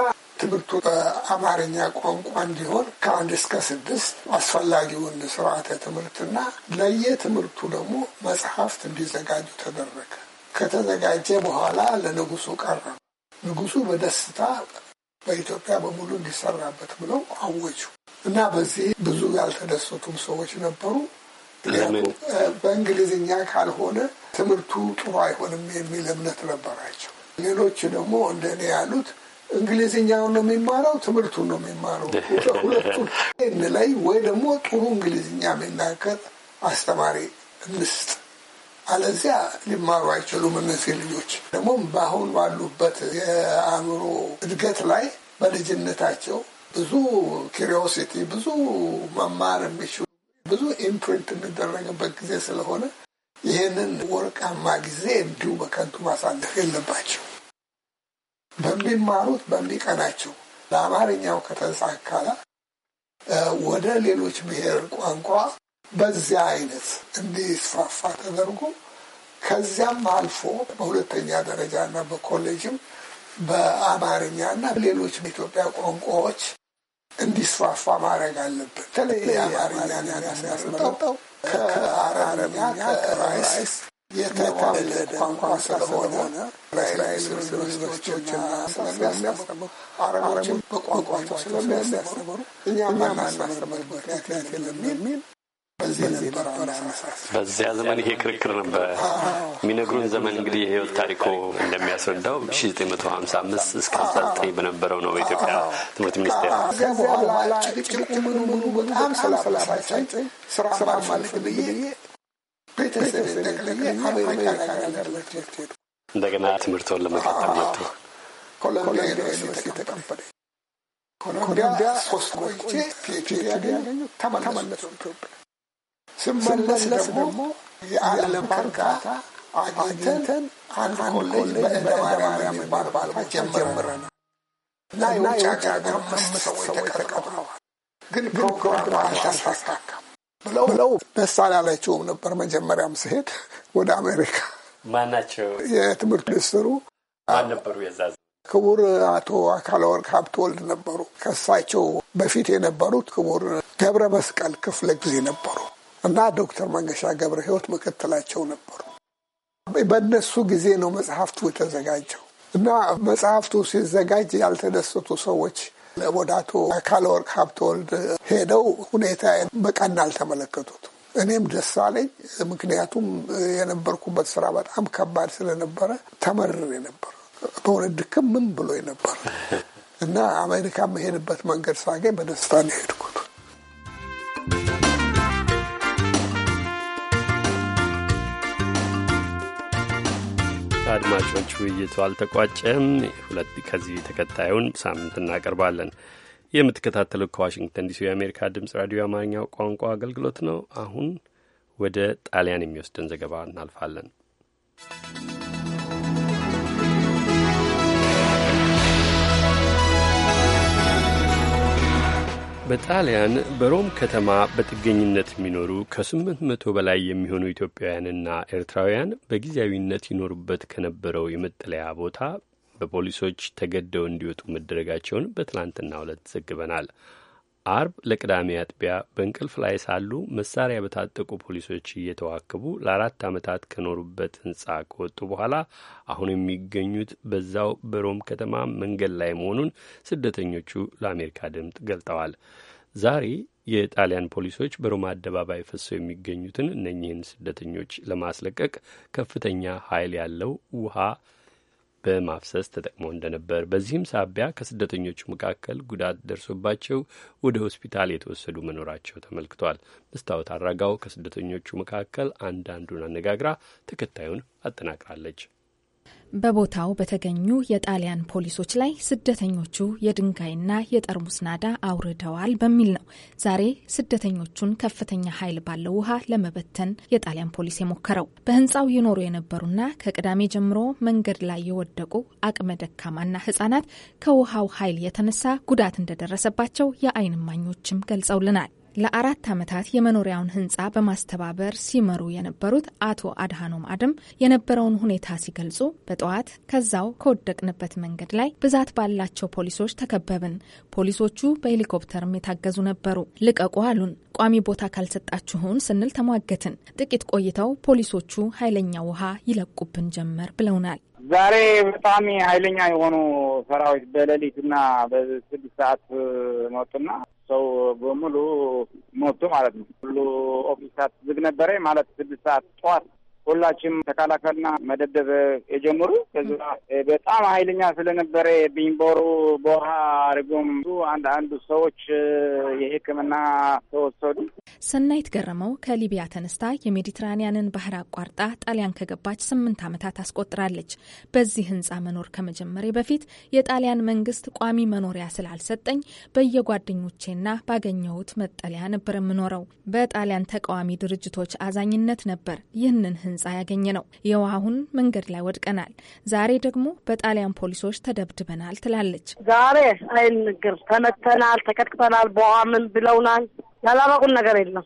ትምህርቱ በአማርኛ ቋንቋ እንዲሆን ከአንድ እስከ ስድስት አስፈላጊውን ስርዓተ ትምህርትና ለየትምህርቱ ደግሞ መጽሐፍት እንዲዘጋጁ ተደረገ። ከተዘጋጀ በኋላ ለንጉሱ ቀረበ። ንጉሱ በደስታ በኢትዮጵያ በሙሉ እንዲሰራበት ብለው አወጁ እና በዚህ ብዙ ያልተደሰቱም ሰዎች ነበሩ። በእንግሊዝኛ ካልሆነ ትምህርቱ ጥሩ አይሆንም የሚል እምነት ነበራቸው። ሌሎች ደግሞ እኔ ያሉት እንግሊዝኛውን ነው የሚማረው፣ ትምህርቱን ነው የሚማረው። [laughs] ሁለቱን ላይ ወይ ደግሞ ጥሩ እንግሊዝኛ የሚናገር አስተማሪ እንስጥ አለዚያ ሊማሩ አይችሉም። እነዚህ ልጆች ደግሞም በአሁን ባሉበት የአእምሮ እድገት ላይ በልጅነታቸው ብዙ ኪሪዮሲቲ ብዙ መማር የሚችሉ ብዙ ኢምፕሪንት የሚደረግበት ጊዜ ስለሆነ ይህንን ወርቃማ ጊዜ እንዲሁ በከንቱ ማሳለፍ የለባቸው። በሚማሩት በሚቀናቸው ለአማርኛው ከተሳካላ ወደ ሌሎች ብሔር ቋንቋ በዚያ አይነት እንዲስፋፋ ተደርጎ ከዚያም አልፎ በሁለተኛ ደረጃ ደረጃና በኮሌጅም በአማርኛ በአማርኛና ሌሎች በኢትዮጵያ ቋንቋዎች እንዲስፋፋ ማድረግ አለብን። በተለይ አማርኛን ያስመረጠው ከአረብኛ ከራይስ የተወለደ ቋንቋ ስለሆነ እስራኤል ዩኒቨርሲቲዎችና ስለሚያስያስተምሩ አረቦችም በቋንቋቸው ስለሚያስተምሩ እኛ ማናስተምርበት ምክንያት የለም የሚል በዚያ ዘመን ይሄ ክርክር ነበር የሚነግሩን ዘመን እንግዲህ የህይወት ታሪኮ እንደሚያስረዳው 1955 እስከ 59 በነበረው ነው በኢትዮጵያ ትምህርት ሚኒስቴር። እንደገና ትምህርቶን ለመቀጠል መጡ። ኮሎምቢያ ሶስት ቆይቼ ፒኤችዲ ያገኙ ተመለሱ ኢትዮጵያ ስመለስ ደግሞ የዓለም እርካታ አግኝተን አንድ ኮሌጅ በእንደማርያም የሚባል ጀምረናል እና የውጭ ሀገር አምስት ሰዎች ተቀጥረዋል። ግን ፕሮግራም አልተሳካም ብለው ደስ አላላቸውም ነበር። መጀመሪያም ስሄድ ወደ አሜሪካ ማናቸው የትምህርት ሚኒስትሩ ማን ነበሩ? የዛዝ ክቡር አቶ አካለ ወርቅ ሀብት ወልድ ነበሩ። ከሳቸው በፊት የነበሩት ክቡር ገብረ መስቀል ክፍለ ጊዜ ነበሩ። እና ዶክተር መንገሻ ገብረ ህይወት ምክትላቸው ነበሩ። በእነሱ ጊዜ ነው መጽሐፍቱ የተዘጋጀው እና መጽሐፍቱ ሲዘጋጅ ያልተደሰቱ ሰዎች ወደ አቶ አካለወርቅ ሀብተወልድ ሄደው ሁኔታ በቀና አልተመለከቱት። እኔም ደስ አለኝ። ምክንያቱም የነበርኩበት ስራ በጣም ከባድ ስለነበረ ተመርር ነበር። በእውነት ድክም ምን ብሎ ነበር እና አሜሪካ መሄድበት መንገድ ሳገኝ በደስታ ነው የሄድኩት። አድማጮች ውይይቱ አልተቋጨም። ሁለት ከዚህ ተከታዩን ሳምንት እናቀርባለን። የምትከታተሉት ከዋሽንግተን ዲሲ የአሜሪካ ድምፅ ራዲዮ የአማርኛ ቋንቋ አገልግሎት ነው። አሁን ወደ ጣሊያን የሚወስደን ዘገባ እናልፋለን። በጣሊያን በሮም ከተማ በጥገኝነት የሚኖሩ ከስምንት መቶ በላይ የሚሆኑ ኢትዮጵያውያንና ኤርትራውያን በጊዜያዊነት ይኖሩበት ከነበረው የመጠለያ ቦታ በፖሊሶች ተገደው እንዲወጡ መደረጋቸውን በትላንትና ዕለት ዘግበናል። አርብ ለቅዳሜ አጥቢያ በእንቅልፍ ላይ ሳሉ መሳሪያ በታጠቁ ፖሊሶች እየተዋከቡ ለአራት ዓመታት ከኖሩበት ህንጻ ከወጡ በኋላ አሁን የሚገኙት በዛው በሮም ከተማ መንገድ ላይ መሆኑን ስደተኞቹ ለአሜሪካ ድምፅ ገልጠዋል። ዛሬ የጣሊያን ፖሊሶች በሮማ አደባባይ ፈሰው የሚገኙትን እነኚህን ስደተኞች ለማስለቀቅ ከፍተኛ ኃይል ያለው ውሃ በማፍሰስ ተጠቅሞ እንደነበር በዚህም ሳቢያ ከስደተኞቹ መካከል ጉዳት ደርሶባቸው ወደ ሆስፒታል የተወሰዱ መኖራቸው ተመልክቷል። መስታወት አራጋው ከስደተኞቹ መካከል አንዳንዱን አነጋግራ ተከታዩን አጠናቅራለች። በቦታው በተገኙ የጣሊያን ፖሊሶች ላይ ስደተኞቹ የድንጋይና የጠርሙስ ናዳ አውርደዋል በሚል ነው ዛሬ ስደተኞቹን ከፍተኛ ኃይል ባለው ውሃ ለመበተን የጣሊያን ፖሊስ የሞከረው። በህንፃው ይኖሩ የነበሩና ከቅዳሜ ጀምሮ መንገድ ላይ የወደቁ አቅመ ደካማና ህጻናት ከውሃው ኃይል የተነሳ ጉዳት እንደደረሰባቸው የአይን እማኞችም ገልጸውልናል። ለአራት ዓመታት የመኖሪያውን ህንፃ በማስተባበር ሲመሩ የነበሩት አቶ አድሃኖም አድም የነበረውን ሁኔታ ሲገልጹ በጠዋት ከዛው ከወደቅንበት መንገድ ላይ ብዛት ባላቸው ፖሊሶች ተከበብን። ፖሊሶቹ በሄሊኮፕተርም የታገዙ ነበሩ። ልቀቁ አሉን። ቋሚ ቦታ ካልሰጣችሁን ስንል ተሟገትን። ጥቂት ቆይተው ፖሊሶቹ ኃይለኛ ውሃ ይለቁብን ጀመር ብለውናል። ዛሬ በጣም ኃይለኛ የሆኑ ሰራዊት በሌሊትና በስድስት ሰዓት መጡና ሰው በሙሉ ሞቱ ማለት ነው። ሁሉ ኦፊሳት ሰዓት ዝግ ነበረ ማለት ስድስት ሰዓት ጠዋት ሁላችንም ተከላከልና መደብደብ የጀመሩ ከዛ በጣም ኃይለኛ ስለነበረ ቢንቦሩ በውሃ አድርጎም አንድ አንዱ ሰዎች የሕክምና ተወሰዱ። ሰናይት ገረመው ከሊቢያ ተነስታ የሜዲትራኒያንን ባህር አቋርጣ ጣሊያን ከገባች ስምንት ዓመታት አስቆጥራለች። በዚህ ህንፃ መኖር ከመጀመሬ በፊት የጣሊያን መንግስት ቋሚ መኖሪያ ስላልሰጠኝ በየጓደኞቼና ባገኘሁት መጠለያ ነበር የምኖረው። በጣሊያን ተቃዋሚ ድርጅቶች አዛኝነት ነበር ይህንን ህንፃ ያገኘ ነው። የውሃሁን መንገድ ላይ ወድቀናል። ዛሬ ደግሞ በጣሊያን ፖሊሶች ተደብድበናል ትላለች። ዛሬ አይንግር ተመተናል፣ ተቀጥቅተናል፣ በውሃ ምን ብለውናል። ያላበቁን ነገር የለም።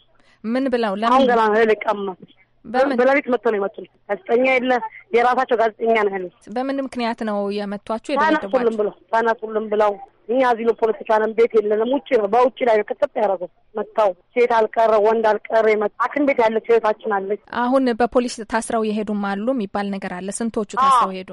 ምን ብለው ለምን ገና ህል ቀመት በሌሊት መጥቶ ነው የመጡት። ጋዜጠኛ የለ የራሳቸው ጋዜጠኛ ነው ያሉት። በምን ምክንያት ነው የመቷችሁ? ብለው ተነሱልን ብለው እኛ እዚህ ነው ፖለቲካ ነን፣ ቤት የለንም። ውጭ ነው በውጭ ላይ ክትት ያደረጉ መታው ሴት አልቀረ ወንድ አልቀረ አክን ቤት ያለች እህታችን አለች። አሁን በፖሊስ ታስረው የሄዱም አሉ የሚባል ነገር አለ። ስንቶቹ ታስረው ሄዱ?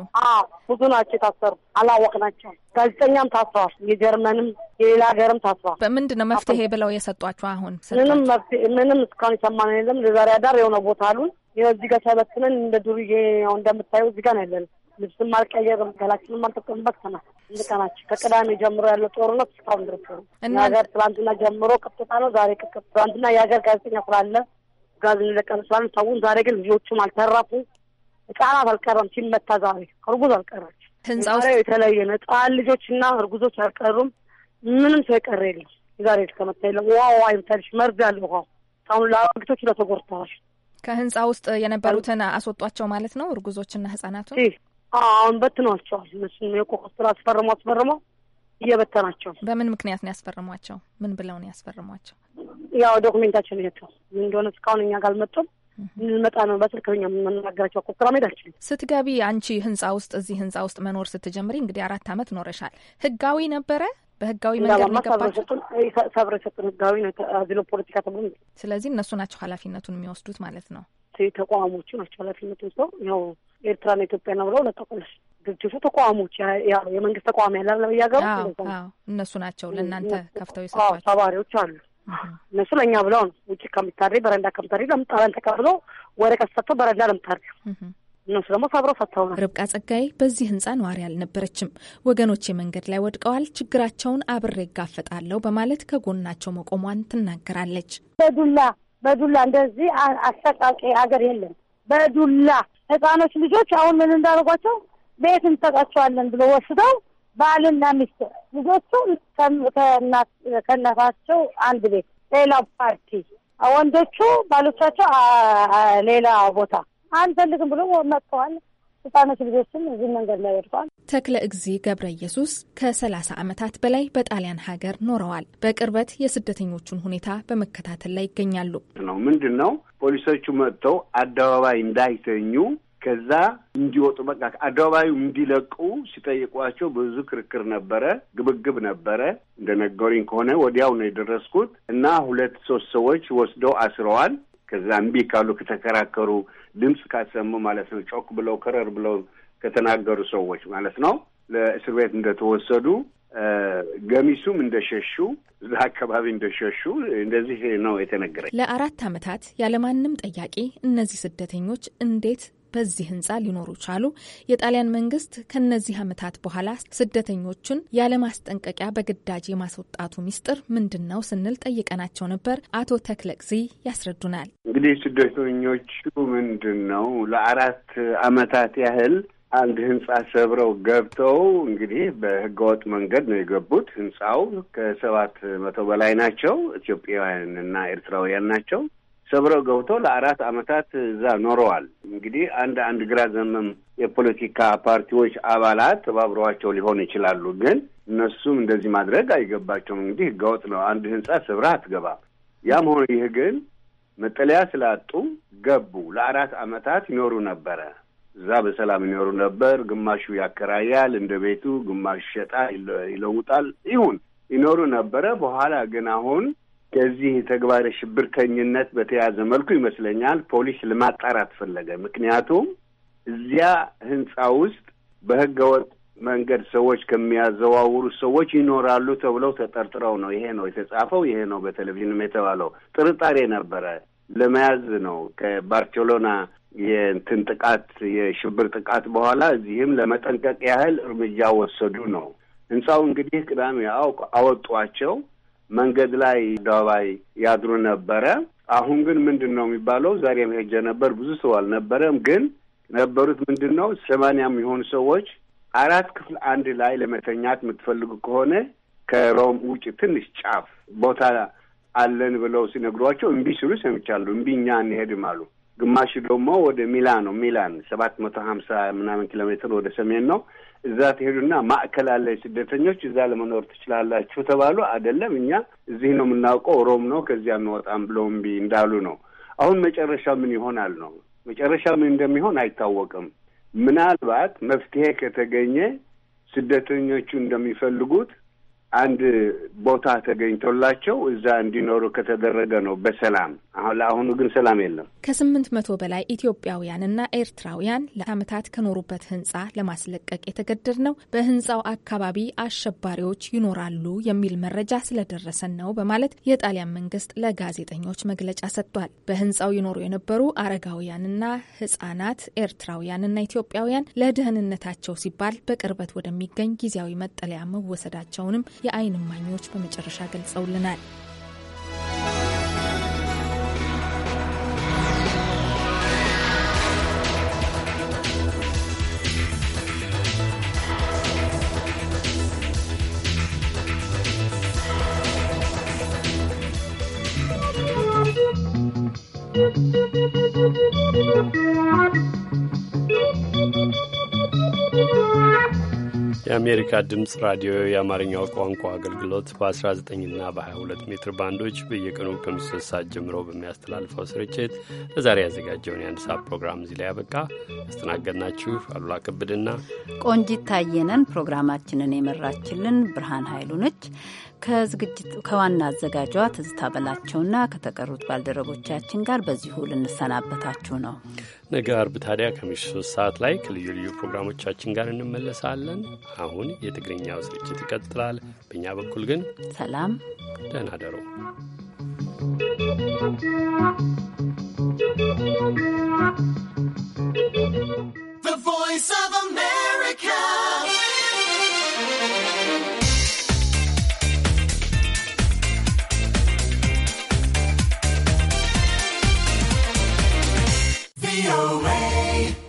ብዙ ናቸው የታሰሩ፣ አላወቅናቸው። ጋዜጠኛም ታስረዋል፣ የጀርመንም የሌላ ሀገርም ታስረዋል። በምንድን ነው መፍትሄ ብለው የሰጧቸው? አሁን ምንም መፍትሄ ምንም እስካሁን የሰማነው የለም። ለዛሬ አዳር የሆነ ቦታ አሉን። እዚህ ጋር ተበትነን እንደ ዱርዬ እንደምታየው እዚህ ጋር ነው ያለን ልብስም አልቀየርም፣ ገላችንም አልጠቀምበት ከና እንድቀናቸው ከቅዳሜ ጀምሮ ያለው ጦርነት እስካሁን ድረስ ነው። የሀገር ትላንትና ጀምሮ ቅጥታ ነው፣ ዛሬ ቅጥታ። ትላንትና የሀገር ጋዜጠኛ ስላለ ጋዝ ለቀን ስላለ ሰውን፣ ዛሬ ግን ልጆቹም አልተረፉ፣ ህጻናት አልቀረም ሲመታ፣ ዛሬ እርጉዝ አልቀረች። ህንጻው የተለየ ነው። ህጻን ልጆችና እርጉዞች አልቀሩም። ምንም ሰው የቀረ የለም። የዛሬ ከመታ የለም። ውሃ ውሃ ይምታልሽ፣ መርዝ ያለ ውሃው አሁን ለአግቶች ለተጎርተዋል። ከህንጻ ውስጥ የነበሩትን አስወጧቸው ማለት ነው እርጉዞችና ህጻናቱን አሁን በትኗቸዋል። እነሱም የቆቆስ ስራ አስፈርሞ አስፈርሞ እየበተናቸው። በምን ምክንያት ነው ያስፈርሟቸው? ምን ብለው ነው ያስፈርሟቸው? ያው ዶክሜንታቸው ነው የጠው ምን እንደሆነ እስካሁን እኛ ጋር አልመጡም። እንመጣ ነው በስልክ ነው የምናገራቸው። ኮክራ መሄድ አልችልም። ስትገቢ አንቺ ህንጻ ውስጥ እዚህ ህንጻ ውስጥ መኖር ስትጀምሪ እንግዲህ አራት አመት ኖረሻል። ህጋዊ ነበረ በህጋዊ መንገድ ሰብረ ህጋዊ ነው አዚሎ ፖለቲካ ተብሎ። ስለዚህ እነሱ ናቸው ኃላፊነቱን የሚወስዱት ማለት ነው። ተቋሞቹ ናቸው ኃላፊነት ወስደው ያው ና ኢትዮጵያ ነው ብለው ለጠቆለች ድርጅቱ ተቋሞች ያው የመንግስት ተቋም ያለ ለበያገሩ እነሱ ናቸው ለእናንተ ከፍተው የሰጧቸው ተባባሪዎች አሉ። እነሱ ለእኛ ብለው ነው ውጭ ከምታሪ በረንዳ ከምታሪ ለምጣላን ተቀብሎ ወረቀት ሰጥቶ በረንዳ ለምታሪ እነሱ ደግሞ ሰብረው ፈተውናል። ርብቃ ጸጋዬ በዚህ ህንጻ ነዋሪ አልነበረችም። ወገኖች መንገድ ላይ ወድቀዋል፣ ችግራቸውን አብሬ ይጋፈጣለሁ በማለት ከጎናቸው መቆሟን ትናገራለች። በዱላ በዱላ እንደዚህ አሰቃቂ ሀገር የለም። በዱላ ህጻኖች ልጆች አሁን ምን እንዳደረጓቸው ቤት እንሰጣቸዋለን ብሎ ወስደው ባልና ሚስት ልጆቹ ከእናታቸው አንድ ቤት፣ ሌላ ፓርቲ፣ ወንዶቹ ባሎቻቸው ሌላ ቦታ አንፈልግም ብሎ መጥተዋል። ህጻኖች ልጆችም እዚህ መንገድ ላይ ወድቋል። ተክለ እግዚ ገብረ ኢየሱስ ከሰላሳ ዓመታት በላይ በጣሊያን ሀገር ኖረዋል። በቅርበት የስደተኞቹን ሁኔታ በመከታተል ላይ ይገኛሉ። ነው ምንድን ነው ፖሊሶቹ መጥተው አደባባይ እንዳይተኙ ከዛ እንዲወጡ በቃ አደባባዩ እንዲለቁ ሲጠይቋቸው ብዙ ክርክር ነበረ፣ ግብግብ ነበረ። እንደነገሩኝ ከሆነ ወዲያው ነው የደረስኩት እና ሁለት ሶስት ሰዎች ወስደው አስረዋል። ከዛ እምቢ ካሉ ከተከራከሩ፣ ድምፅ ካሰሙ ማለት ነው ጮክ ብለው ከረር ብለው ከተናገሩ ሰዎች ማለት ነው ለእስር ቤት እንደተወሰዱ ገሚሱም እንደሸሹ እዛ አካባቢ እንደሸሹ እንደዚህ ነው የተነገረኝ። ለአራት ዓመታት ያለማንም ጠያቂ እነዚህ ስደተኞች እንዴት በዚህ ህንፃ ሊኖሩ ቻሉ? የጣሊያን መንግስት ከነዚህ ዓመታት በኋላ ስደተኞቹን ያለማስጠንቀቂያ በግዳጅ የማስወጣቱ ሚስጥር ምንድን ነው ስንል ጠይቀናቸው ነበር። አቶ ተክለቅዚ ያስረዱናል። እንግዲህ ስደተኞቹ ምንድን ነው ለአራት ዓመታት ያህል አንድ ህንጻ ሰብረው ገብተው እንግዲህ በህገወጥ መንገድ ነው የገቡት። ህንጻው ከሰባት መቶ በላይ ናቸው። ኢትዮጵያውያንና ኤርትራውያን ናቸው። ሰብረው ገብቶ ለአራት አመታት እዛ ኖረዋል። እንግዲህ አንድ አንድ ግራ ዘመም የፖለቲካ ፓርቲዎች አባላት ተባብረዋቸው ሊሆን ይችላሉ። ግን እነሱም እንደዚህ ማድረግ አይገባቸውም። እንግዲህ ህገወጥ ነው። አንድ ህንጻ ስብራ አትገባም። ያም ሆነ ይህ ግን መጠለያ ስላጡ ገቡ። ለአራት አመታት ይኖሩ ነበረ። እዛ በሰላም ይኖሩ ነበር። ግማሹ ያከራያል እንደ ቤቱ፣ ግማሹ ሸጣ ይለውጣል። ይሁን ይኖሩ ነበረ። በኋላ ግን አሁን ከዚህ ተግባር ሽብርተኝነት በተያዘ መልኩ ይመስለኛል ፖሊስ ለማጣራት ፈለገ። ምክንያቱም እዚያ ህንፃ ውስጥ በህገወጥ መንገድ ሰዎች ከሚያዘዋውሩ ሰዎች ይኖራሉ ተብለው ተጠርጥረው ነው። ይሄ ነው የተጻፈው፣ ይሄ ነው በቴሌቪዥንም የተባለው። ጥርጣሬ ነበረ። ለመያዝ ነው ከባርሴሎና የእንትን ጥቃት የሽብር ጥቃት በኋላ እዚህም ለመጠንቀቅ ያህል እርምጃ ወሰዱ ነው። ህንፃው እንግዲህ ቅዳሜ አውቅ አወጧቸው። መንገድ ላይ አደባባይ ያድሩ ነበረ። አሁን ግን ምንድን ነው የሚባለው? ዛሬም ሄጄ ነበር። ብዙ ሰው አልነበረም፣ ግን ነበሩት። ምንድን ነው ሰማንያ የሚሆኑ ሰዎች አራት ክፍል አንድ ላይ ለመተኛት የምትፈልጉ ከሆነ ከሮም ውጭ ትንሽ ጫፍ ቦታ አለን ብለው ሲነግሯቸው እምቢ ሲሉ ሰምቻለሁ። እምቢ እኛ እንሄድም አሉ። ግማሽ ደግሞ ወደ ሚላን ነው። ሚላን ሰባት መቶ ሀምሳ ምናምን ኪሎ ሜትር ወደ ሰሜን ነው። እዛ ትሄዱና ማዕከል አለ ስደተኞች፣ እዛ ለመኖር ትችላላችሁ ተባሉ። አይደለም እኛ እዚህ ነው የምናውቀው፣ ሮም ነው ከዚያ አንወጣም ብለው እምቢ እንዳሉ ነው። አሁን መጨረሻ ምን ይሆናል ነው መጨረሻ ምን እንደሚሆን አይታወቅም። ምናልባት መፍትሄ ከተገኘ ስደተኞቹ እንደሚፈልጉት አንድ ቦታ ተገኝቶላቸው እዛ እንዲኖሩ ከተደረገ ነው በሰላም አሁን ለአሁኑ ግን ሰላም የለም። ከስምንት መቶ በላይ ኢትዮጵያውያንና ኤርትራውያን ለአመታት ከኖሩበት ህንጻ ለማስለቀቅ የተገደድ ነው። በህንጻው አካባቢ አሸባሪዎች ይኖራሉ የሚል መረጃ ስለደረሰን ነው በማለት የጣሊያን መንግስት ለጋዜጠኞች መግለጫ ሰጥቷል። በህንጻው ይኖሩ የነበሩ አረጋውያንና ህጻናት ኤርትራውያንና ኢትዮጵያውያን ለደህንነታቸው ሲባል በቅርበት ወደሚገኝ ጊዜያዊ መጠለያ መወሰዳቸውንም የአይን እማኞች በመጨረሻ ገልጸውልናል። Thank you. የአሜሪካ ድምፅ ራዲዮ የአማርኛው ቋንቋ አገልግሎት በ19ና በ22 ሜትር ባንዶች በየቀኑ ከምሽቱ ሰዓት ጀምሮ በሚያስተላልፈው ስርጭት ለዛሬ ያዘጋጀውን የአንድ ሰዓት ፕሮግራም እዚህ ላይ ያበቃ። ያስተናገድናችሁ አሉላ ከበደና ቆንጂት ታየነን፣ ፕሮግራማችንን የመራችልን ብርሃን ኃይሉ ነች። ከዝግጅት ከዋና አዘጋጇ ትዝታ በላቸውና ከተቀሩት ባልደረቦቻችን ጋር በዚሁ ልንሰናበታችሁ ነው። ነገ አርብ ታዲያ ከምሽቱ ሶስት ሰዓት ላይ ከልዩ ልዩ ፕሮግራሞቻችን ጋር እንመለሳለን። አሁን የትግርኛው ስርጭት ይቀጥላል። በእኛ በኩል ግን ሰላም፣ ደህና ደሩ። The voice of America Radio.